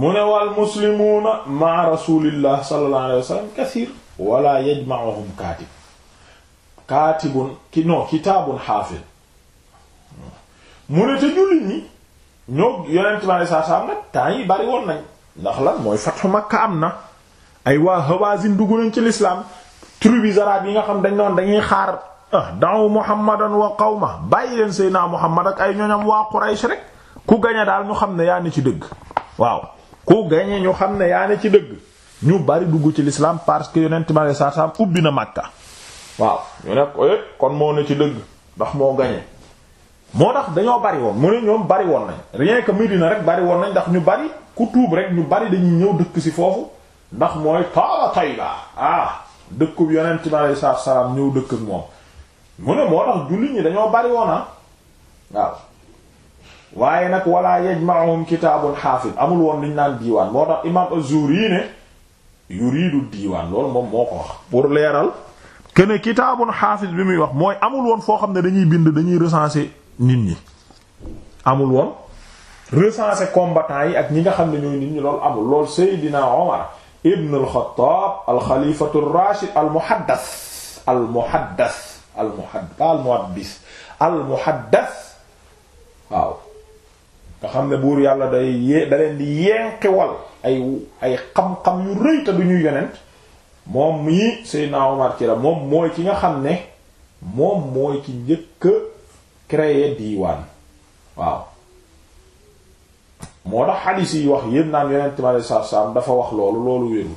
Speaker 1: mu ne wal muslimuuna ma rasulillah sallallahu alayhi wa sallam kasiir wala yajma'uhum kaatib kaatibun ki non kitaabun xaafid mu ne te jullit ñi ñoo yonent ma la saar saam nag temps yi bari woon nañ ndax la mooy fatxu Makka am na ay waa Hawazin dugg nañ ci lislaam tribus arabes yi nga xam dañ doon dañuy xaar ah daaw Muhammadan wa qawma bàyyi leen Seydina Muhammad ak ay ñoñam waa Quraysh rek ku gañe daal ñu xam ne yaa ne ci dëgg waaw ku gañe ñu xam ne yaa ne ci dëgg ñu bari dugg ci l'islam parce que yonent ma saa saa ubbi na Makka waaw ñu ne eh, kon moo ne ci dëgg ndax moo gañe moo tax dañoo bari woon mu ne ñoom bari woon nañ rien que Medina rek bari woon nañ ndax ñu bari ku tuub rek ñu bari dañuy ñëw dëkk ci foofu ndax mooy taala Tayba ah dëkku yeneen bi aleyhi salaatu salaam ñëw dëkk moom mu ne moo tax jullit ñi dañoo bari woon ah waaw waaye nag wala yajma'uhum kitaabun haafid amul woon liñ naan diiwaan moo tax imaam Az-Zuhri ne yuriidu diiwaan loolu moom moo ko wax pour leeral que ne kitaabun haafid bi muy wax mooy amul foo xam ne dañuy bind dañuy recenser nit ñi amul woon recenser combattants yi ak ñi nga xam ne ñooy nit ñi loolu amul lool Seydina Omar ibn al-Khattab al-Khalifatu ar-Rashid al-Muhaddas al waaw nga xam ne buur yàlla day yee da di yenqiwal ay ay xam-xam yu rëy te du ñuy yonent moom mii Seydina Omar ci la moom mooy ki nga xam ne moom mooy ki njëkk créer diiwaan waaw moo tax xadiis yi wax yépp naan yeneen mi alei saatu dafa wax loolu loolu wéru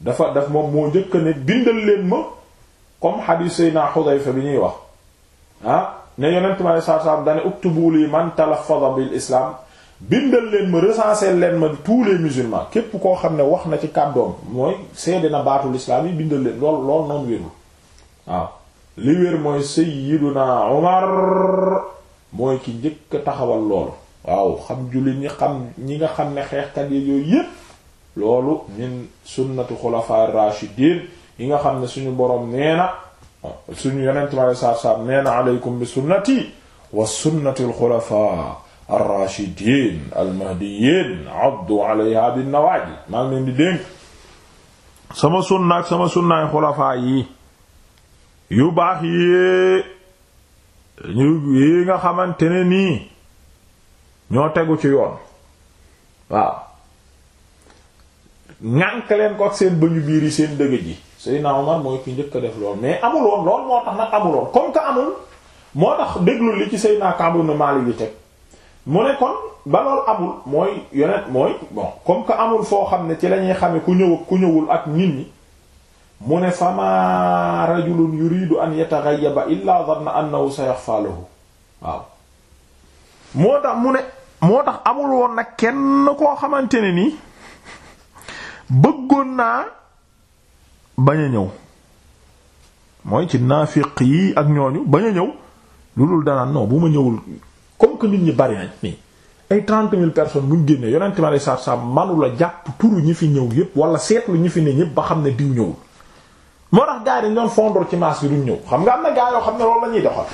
Speaker 1: dafa daf moom moo njëkk ne bindal leen ma comme xadiis sayna Xudayfa bi ñuy wax ah ne yonent mi alei saatu salaam dane uktubu li man talaffadha bil islam bindal leen ma recenser leen ma tous les musulmans képp koo xam ne wax na ci kàddoom mooy seede na baatul islam yi bindal leen lool lool noonu wérul waaw li wér mooy sayyiduna Umar mooy ki njëkk taxawal loolu waaw xam jullit ñi nga xam ne xeexkat yi yooyu yépp loolu min sunnatu xulafaa rashidin yi nga xam ne suñu boroom nee na suñu yonent ma saaf saaf nee na aleykum bi sunnati wa sunnati alxulafaa arrashidin almahdiyin addu alayha bin nawaaji maa ngi leen di dénk sama sunna sama sunnaay xulafaa yi yu baax yée ñu yi nga xamante ne nii ñoo tegu ci yoon waaw ñànk leen ko ak seen bëñu biir yi seen dëgg ji Seydina Omar mooy ki njëkk a def lool mais amuloon lool moo tax nag amuloon comme que amul moo tax déglu li ci Seydina Kaabu na Maalik bi teg mu ne kon ba loolu amul mooy yonent mooy bon comme que amul foo xam ne ci lañuy xame ku ñëw ku ñëwul ak nit ñi mu ne fama rajulun yuridu an yataghayyaba illa dhanna annahu sayakhfa lahu waaw moo tax mu ne moo tax amul woon nag kenn koo xamante ne ni bëggoon naa bañ a ñëw mooy ci naafiq yi ak ñooñu bañ a ñëw lu dul danaan non bu ma ñëwul comme que nit ñi bari nañ nii ay trente mille personnes bu ñu génnee yonent ma lay saab saab manu la jàpp turu ñi fi ñëw yépp wala seetlu ñi fi ne ñépp ba xam ne diw ñëwul moo tax gars yi dañ doon fondre ci maas duñ ñëw xam nga am na gars yoo xam ne loolu la ñuy doxal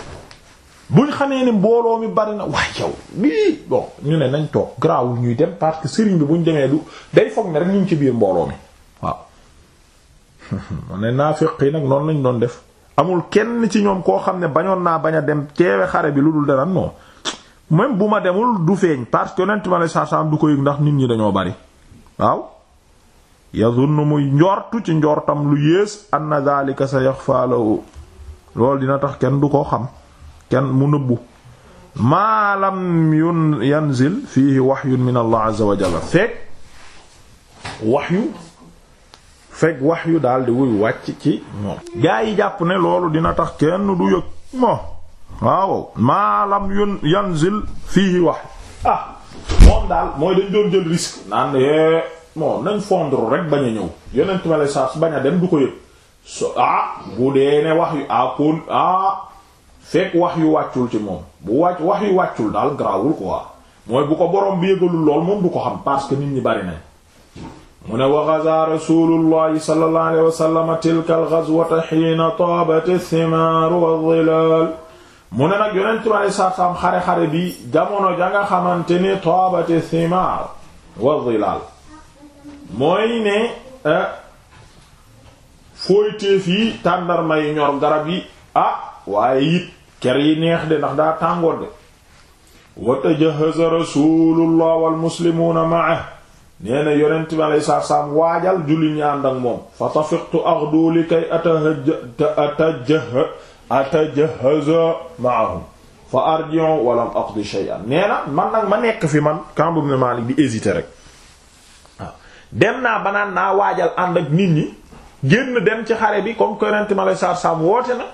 Speaker 1: buñ xamee ni mbooloo mi bari na waaye yow lii bon ñu ne nañ toog garaawul ñuy dem parce que sëriñ bi buñ demee du day foog ne rek ñu ngi ci biir mbooloo mi waaw. mu ne naafiq yi nag noonu lañu doon def amul kenn ci ñoom koo xam ne bañoon naa bañ a dem teewe xare bi lu dul dara non même bu ma demul du feeñ parce que honnêtement le sàrsaan du ko yëg ndax nit ñi dañoo bari waaw. yazunnu mu njortu ci njortam lu yées anna dhalika sa yaxfaa lahu loolu dina tax kenn du ko xam kenn mu nëbbu maa lam yun yanzil fiihi waxyun min allah azza wa jalla fekk waxyu fekk di wuy wàcc ci gaa yi jàpp ne loolu dina tax kenn du yëg moom waaw maa lam yun yanzil fiihi waxyu ah, moom daal mooy dañ doon jël risque naan eh, bon nañ fondre rek bañ a ñëw dem du ko yëg so ah, bu dee ne wax yu ah kon ah fekk wax yu wàccul ci moom bu wax yu wàccul daal garaawul quoi mooy bu ko borom bi yëgalul lool moom du xam parce que nit ñi bari nañ mu ne wa gaza rasulullahi tilka al ghazwata hiina taabat ath-thimaaru wa dhilaal mu ne nag yonent ma lay xare-xare bi jamono ja xamante ni taabat ath-thimaar wa dhilaal mooy ne euh, fooyteef yi tàndarma yu ñor garab yi ah waaye it ker yi neex de ndax daa tàngoor de wa tajahaza rasulullah wal muslimuna ma'ah nee na yonent bi alei saatu waajal julli ñaan moom fa tafiqtu aghdu likay atajah atajahaza ma'ahum fa arji'u wa lam shay'an nee na man nag ma nekk fi man Ka'b ibn Malik di hésiter rek dem naa banaan naa waajal ànd ak nit ñi génn dem ci xare bi comme que ma lay saar saam woote na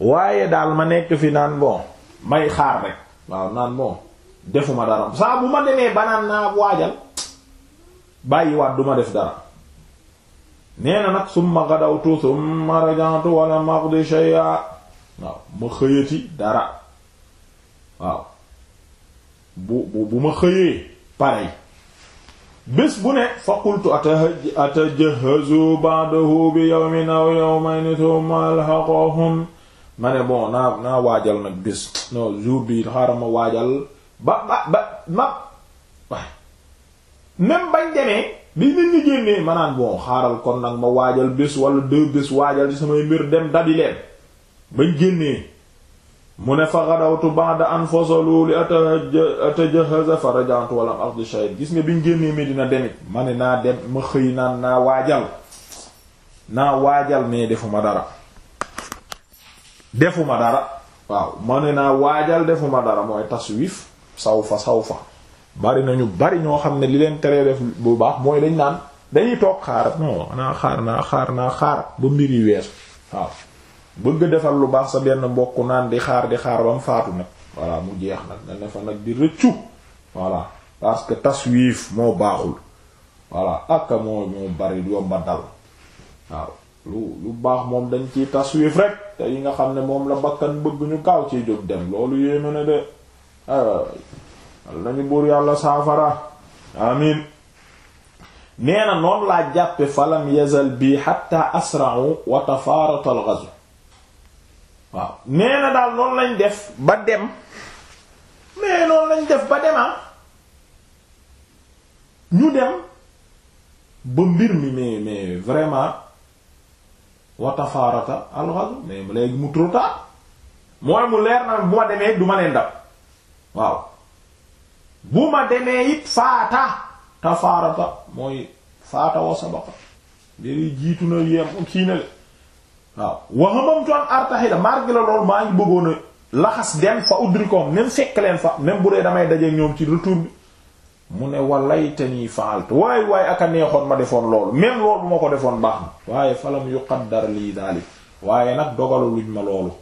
Speaker 1: waaye daal ma nekk fi naan bon may xaar rek waaw naan bon defuma dara saa bu ma demee banaan naa waajal bàyyiwaat du ma def dara nee na nag summa gadawtu summa rajantu wala maqdi shay'a waaw ma xëyati dara waaw bu bu bu ma xëyee parey bés bu ne fa qultu atajahazu ba'dahu bi yawmin aw yawmayn thumma alhaqahum ma ne bon naa naa waajal nag bis non jour bi xaaral ma waajal ba ba ba ma waay bañ demee bi nit ñi génnee ma naan xaaral kon nag ma waajal bés wala deux bés waajal ci samay mbir dem dabi leen bañ génnee mu ne fa xadawtu ba'da an fasalu li atajahaza fa rajantu walam ardi shay'in gis nga biñ génnee Medina demit ma ne naa dem ma xëy naan naa waajal naa waajal mais defuma dara defuma dara waaw ma ne naa waajal defuma dara mooy taswif saw fa saw fa bari nañu bari ñoo xam ne li leen teree def bu baax mooy dañ naan dañuy toog xaar non naa xaar naa xaar naa xaar ba mbir yi weesu waaw bëgg defal lu baax sa benn mbokk naan di xaar di xaar ba mu faatu nag voilà mu jeex nag nga ne fa nag di rëccu voilà parce que taswiif moo baaxul voilà ak moo moo bari yomba dal waaw lu lu baax moom dañ ciy taswiif rek te yi nga xam ne moom la bakkan bëgg ñu kaaw ci jóg dem loolu yéeme na de ay nañu buur yàlla saafara amin nee na noonu laa jàppe falam yazal bii xatta asra'u wa tafaarata waaw nee na daal noonu lañ def ba dem mais noonu lañ def ba dem ah. ñu dem ba mbir mi mais mais vraiment watafaarata alxasu mais léegi mu trop mooy mu leer na bu ma demee du ma leen waaw bu ma demee it faata tafaarata mooy faata wa sabaqa jiitu na yem kii na waaw wa hamamtu an artahila margi la loolu maa ngi bëggoon a laxas dem fa udrikom même fekk leen fa même bu dee damay dajeeg ñoom ci retour mu ne walaytani faaltu waay waay aka ma defoon loolu même ko defoon baax na waaye falam yuqaddar lii daalik waaye nag dogalu luñ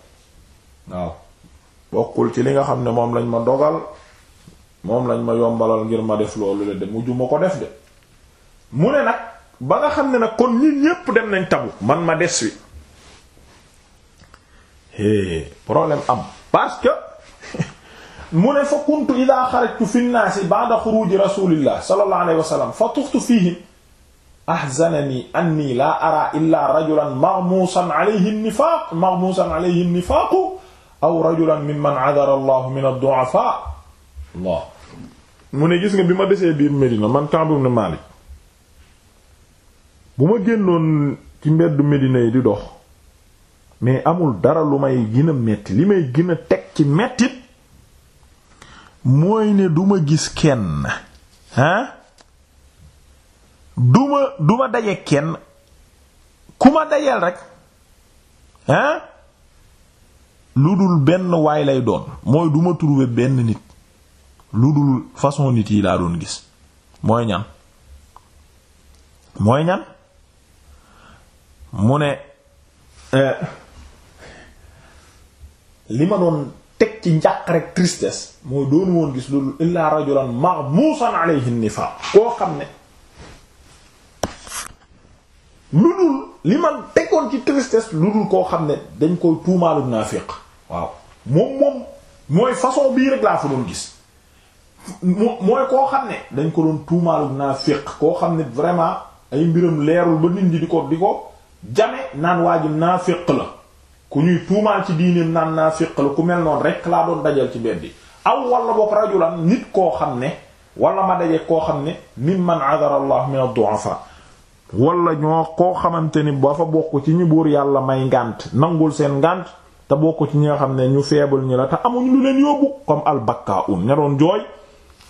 Speaker 1: ci li nga xam ne moom lañ ma dogal moom lañ ma yombalal ngir ma def loolu la de mujj ko def de mu ne nag ba nga xam ne nag kon ñun ñépp dem nañ tabu man ma des wi hé problème am parce que mu ne fa kuntu ida xarajtu fi nnaasi ba'da xuruji rasulillah sallallahu alayhi wa sallam fa tuxtu fihim ahzanani anni laa araa illa rajulan maghmuusan alayhi nifaaq maghmuusan alayhi nifaaqu aw rajulan mimman adara allah min ad-du'afaa allah mu ne gis nga bi ma desee biir Medina man Ka'b ibn Maalik bu ma génnoon ci mbeddu Medina yi di dox mais amul dara lu may gën a metti li may gën a teg ci mettit mooy ne duma gis kenn hein duma duma daje kenn ku ma dajeel rek hein lu dul benn waay lay doon mooy duma trouver benn nit lu dul façon nit yi laa doon gis mooy ñan mooy ñan mu ne euh, li ma doon teg ci njàq rek tristesse mooy doonu woon gis loolu illaa rajulan mahmuusan alayhi nifaaq koo xam ne lu dul li ma tegoon ci tristesse lu dul koo xam ne dañ koy tuumaalum naafiq waaw moom moom mooy façon bii rek laa fa doon gis mooy koo xam ne dañ ko doon tuumaalum naafiq koo xam ne vraiment ay mbiram leerul ba nit ñi di ko di ko jame naan waajum naafiq la ku ñuy tuumaal ci diineem naan naa fiq la ku mel noonu rek laa doon dajal ci mbedd aw wala boog rajulan nit koo xam ne wala ma daje koo xam ne mimman adara allah min ad-du'afa wala ñoo koo xamante ni ba fa bokk ci ñu buur yàlla may ngànt nangul seen ngànt te bokk ci ñi xam ne ñu feebul ñi la te amuñ lu leen yóbbu comme albakka un ña doon jooy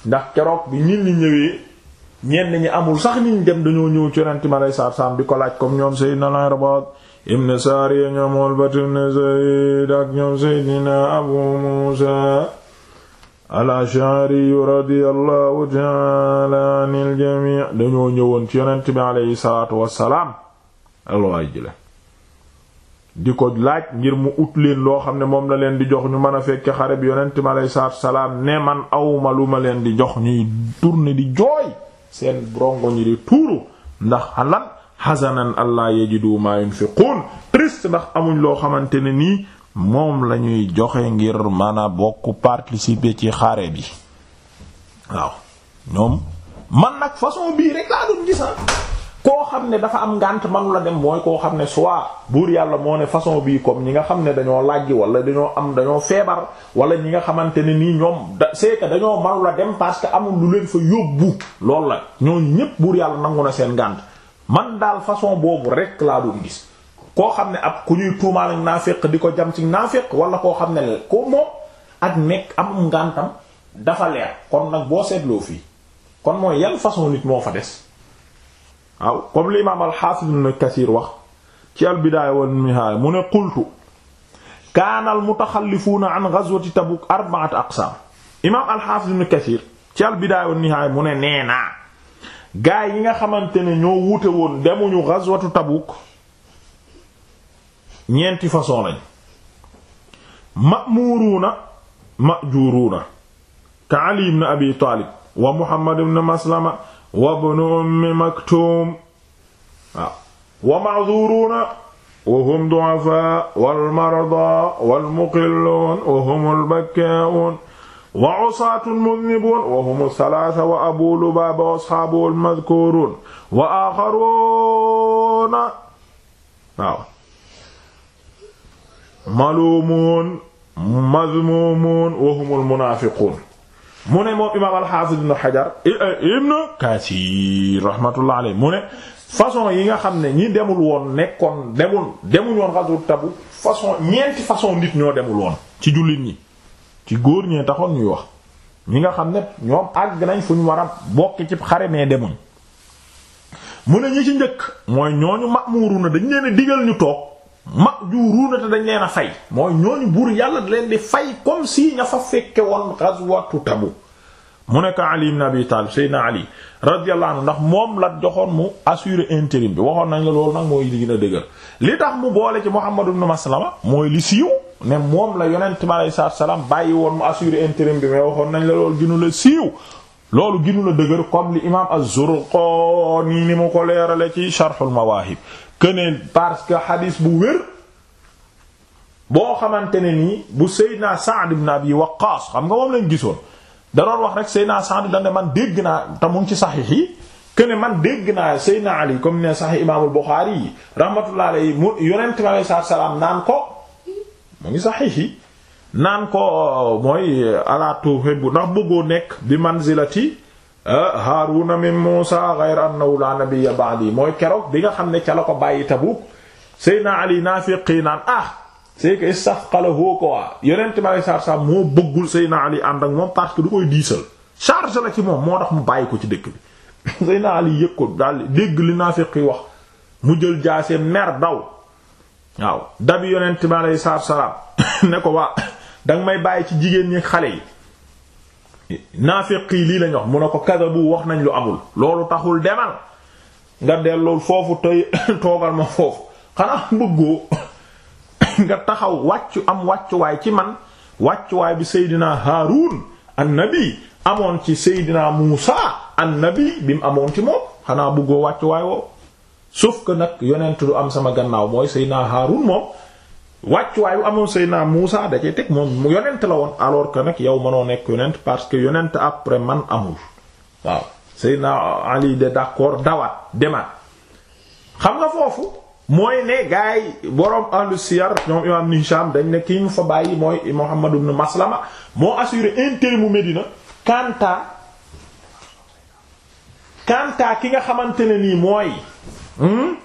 Speaker 1: ndax keroog bi ñi ñëwee ñenn amul sax niñ dem dañoo ñëw ci yonent mi alayhi salaam di ko laaj comme ñoom Seydina al ibn saariya ñoom Ulbat ibn Zayd ak ñoom Seydina Abu Muusa al-Ash'ari radiyallahu ta'ala anil dañoo ñëwoon ci yonent bi aleyhi salaatu wassalaam alwaajile di ko laaj ngir mu ut leen loo xam ne moom la leen di jox ñu man a fekke xare bi yonent bi aleyhi salaatu wassalaam ne man awma lu ma leen di jox ñuy turne di jooy seen brongo ñi di tuuru ndax xalan hazanan allah yajidu ma yunfiqun triste ndax amuñ loo xamante ne nii moom la ñuy joxe ngir mën a bokk participer ci xare bi waaw ñoom man nag façon bii rek laa doon gisan ah. koo xam ne dafa am ngànt manu la dem mooy koo xam ne soit buur yàlla moo ne façon bii comme ñi nga xam ne dañoo lajj wala dañoo am dañoo feebar wala ñi nga xamante ne nii ñoom da dañoo manu la dem parce que amul lu leen fa yóbbu loolu la ñoo ñépp buur yàlla nangu na seen ngànt man daal façon boobu rek laa doon gis koo xam ne ab ku ñuy tuumaal ak di ko jam ci naaféq wala koo xam ne la ko moom ak nekk am ngantam dafa leer kon nag boo seetloo fii kon mooy yan façon nit moo fa des waaw comme l'imam al-Hafiz Ibn Kathir wax ci al-Bidaya wal mu ne qultu kaana al-mutaxallifuuna an ghazwati Tabuk arba'at aqsaam imam al-Hafiz Ibn Kathir ci al-Bidaya wal mu ne nee gaa yi nga xamante ne ñoo wuute woon demuñu ghazwatu Tabuk ñeenti façon lañ ma'muruuna ka Ali ibn Abi Taalib wa Muhammad ibn Maslama wa ibn Ummi Maktuum wa ma'zuruuna wa hum du'afaa wal mardaa wal muqilluun wa humul bakkaa'uun wa usaatun mudnibuun wa hum salaasa wa abu wa ashaabu wa aaxaruuna waaw maluumuun mazmuumuun wa humul munaafiquun mu ne moom imaam alxaafis ibnu xajar ibnu kasiir raxmatullahi alayhi mu ne façon yi nga xam ne ñi demul woon nekkoon demul demuñoon xasut tabu façon ñeenti façon nit ñoo demul woon ci jullit ñi ci góor ñee taxoon ñuy wax ñi nga xam ne ñoom àgg nañ fu ñu war a bokk ci xare mee demuñ mu ne ñi ci njëkk mooy ñooñu ma'muruna dañ leen a digal ñu toog ma'juruna te dañ leen a fay mooy ñooñu buur yàlla da leen di fay comme si ña fa fekke woon ghazwatu Tabuk mu nekk Ali ibn Abi Talib Seydina Ali radiyallahu anhu ndax moom la joxoon mu assurer intérim bi waxoon nañ la loolu nag mooy li gën a dëgër li tax mu boole ci Muhammad ibn Maslama mooy li siiw ne moom la yonent mi alayhi salaam bàyyi woon mu assurer bi mais waxoon nañ la loolu la siiw loolu ginu la dëgër comme li imaam Az-Zurqaani ni mu ko leerale ci Sharhul Mawaahib keneen parce que hadis bu wér boo xamante ne nii bu Seydina Sa'd ibn Abi Waqqaas xam nga moom lañ gisoon. da doon wax rek Seyna Sa'd da ne man dégg naa te mu ci saxiix yi que man dégg naa Seyna Ali comme ne saxiix imaamul Buxaari yi rahmatullahi alayhi mu yonent bi salaam naan ko mu ngi saxiix yi naan ko mooy ala tuhibbu ndax bëggoo nekk bi manzilati ah, Haaruna min Muusaa ghayra annahu laa nabiyya ba'di mooy keroog bi nga xam ne ca la ko bàyyi Tabuk Seyna Ali naafiqi naan ah. sax que istafqalahu ko waa yonent ma lay saar moo bëggul Seydina Ali ànd ak moom parce que du koy diisal charge ci moom moo tax mu bàyyi ko ci dëkk bi Seydina Ali yëg ko dal dégg li naafiq yi wax mu jël jaase mer daw waaw dabi yonent ma lay saar ne ko waa danga may bàyyi ci jigéen ñi xale yi naafiq lii lañ wax mu ne ko kadabu wax nañ lu amul loolu taxul demal nga dellool foofu toogal ma foofu xanaa bëggoo nga taxaw wàccu am wàccuwaay ci man wàccuwaay bi seydinaa Haarun annabi amoon ci seydinaa Muusa annabi bi mu amoon ci moom xanaa bëggoo wàccuwaay woo sauf que nag yonent du am sama gannaaw mooy seydinaa Haarun moom wàccuwaay bu amoon seydinaa Muusa da cay teg moom mu yonent la woon alors que nag yow mënoo nekk yonent parce que yonent après man amul waaw seydinaa Ali de d'accord dawaat demaat xam nga foofu mooy ne gaay borom ahlu siyar ñoom imam ibn dañ ne kii ñu fa bàyyi mooy Muhammad ibn Maslama moo assuré intérimu Médina kanta kanta ki nga xamante ne nii mooy hmm?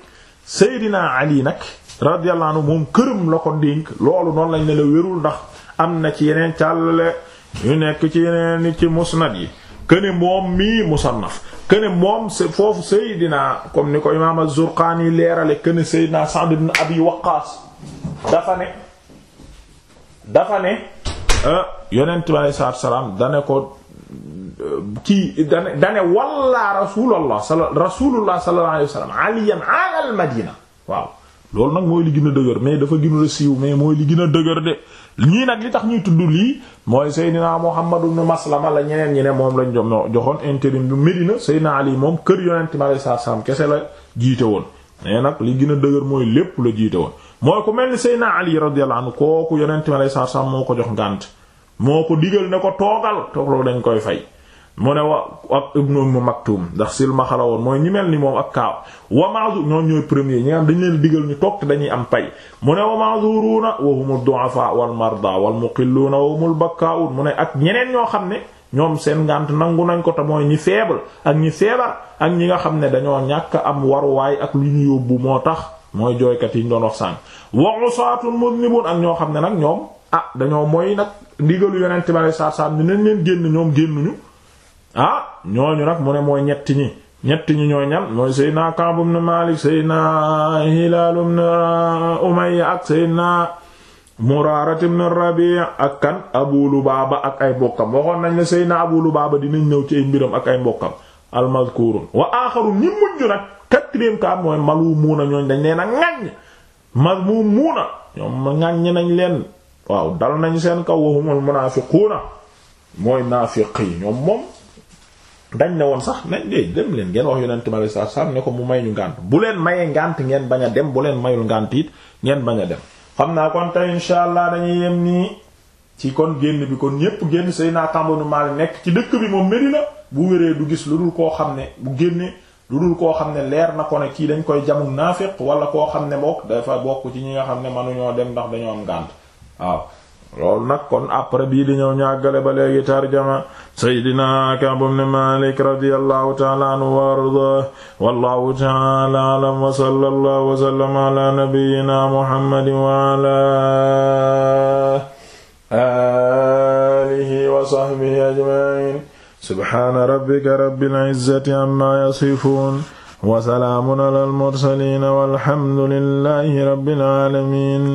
Speaker 1: Seydina Ali nag radiyallahu anhu moom këram la ko dénk loolu noonu lañ ne la wérul ndax am na ci yeneen càllale yu nekk ci yeneen ci musnad yi këne moom mii musannaf këne moom c'est foofu Seydina comme ni ko imaam az-Zurqaani leerale këne Seydina Sa'd ibn Abi Waqqaas dafa ne dafa ne ah, yonent bi alei salaam dane ko kii dane dane walla rasulallah sal rasulullah sallallahu alayhi wa sallam aliyan al madina waaw loolu nag mooy li gën a dëgër mais dafa gën a siiw mais mooy li gën a dëgër de ñii nag li tax ñuy tudd lii mooy Seydina Muhammad ibn Maslama la ñeneen ñi ne moom lañ joxoon intérim bi Medina Seydina Ali moom kër yonent mi alayhi salaam kese la jiite woon mais nag li gën a dëgër mooy lépp la jiite woon mooy ku mel ni Seydina Ali radiyallahu anhu kooku yonent ma alayhi salaam moo ko jox ngànt moo ko digal ne ko toogal toog dañ koy fay mu ne wa ak ibnu mu maktum ndax silmaxa la woon mooy ñi mel ni moom ak kaaw wa ma'zu ñoom ñooy premier ñi nga xam dañ leen digal ñu toog te dañuy am pay mu ne wa ma'zuruna wa humud du'afa wal marda wal muqilluna wa humul bakka'un mu ne ak ñeneen ñoo xam ne ñoom seen ngànt nangu nañ ko te mooy ñi faible ak ñi feebar ak ñi nga xam ne dañoo ñàkk am waruwaay ak lu ñu yóbbu moo tax mooy jooykat yi ñu doon wax sànq wa usaatun muznibun ak ñoo xam ne nag ñoom ah dañoo mooy nag digalu yonente bi sallallahu alayhi wasallam ñu leen génn ñoom génnuñu ah ñooñu nag mu ne mooy ñetti ñi ñetti ñi ñoo ñan mooy seydna Kaab ibn Maalik seydna Hilaal ibn Umayya ak seydna Muraarat ibn Rabi' ak kan Abu Lubaaba ak ay mbokkam waxoon nañ ne seydna Abu Lubaaba dinañ ñëw ci ay mbiram ak ay mbokkam almazkuurun wa aaxarun ñi mujj nag quatrième kaab mooy malumuuna ñooñ dañ leen a ŋaññ mazmumuuna ñoom ŋaññ nañ leen waaw dal nañ seen kaw wa humul mooy naafiq yi ñoom moom dañ ne woon sax nañ de dem leen ngeen wax yonent ma saa saa ne ko mu may ñu ngànt bu leen mayee ngànt ngeen bañ a dem bu leen mayul ngànt it ngeen bañ a dem xam naa kon tey insha allah dañuy yem nii ci kon génn bi kon ñépp génn say naa kàmbanu maal nekk ci dëkk bi moom mari na bu wéree du gis lu dul koo xam ne bu génnee lu dul koo xam ne leer na ko ne kii dañ koy jamu naafiq wala koo xam ne bokk dafa bokk ci ñi nga xam ne ñoo dem ndax dañoo am ngànt waaw loolu nag kon après bii di ñëw ñàggale ba léegi tarjama seydina Ka'b ibn Malik radiyallahu ta'ala anhu wa ardah wallahu ta'ala a'lam wa sallallahu wa sallama ala nabiyyina muhammadin wa ala alihi wa sahbihi ajma'in subhana rabbika rabbil izzati amma yasifun wa salaamun ala al mursalin walhamdulillahi rabbil alamin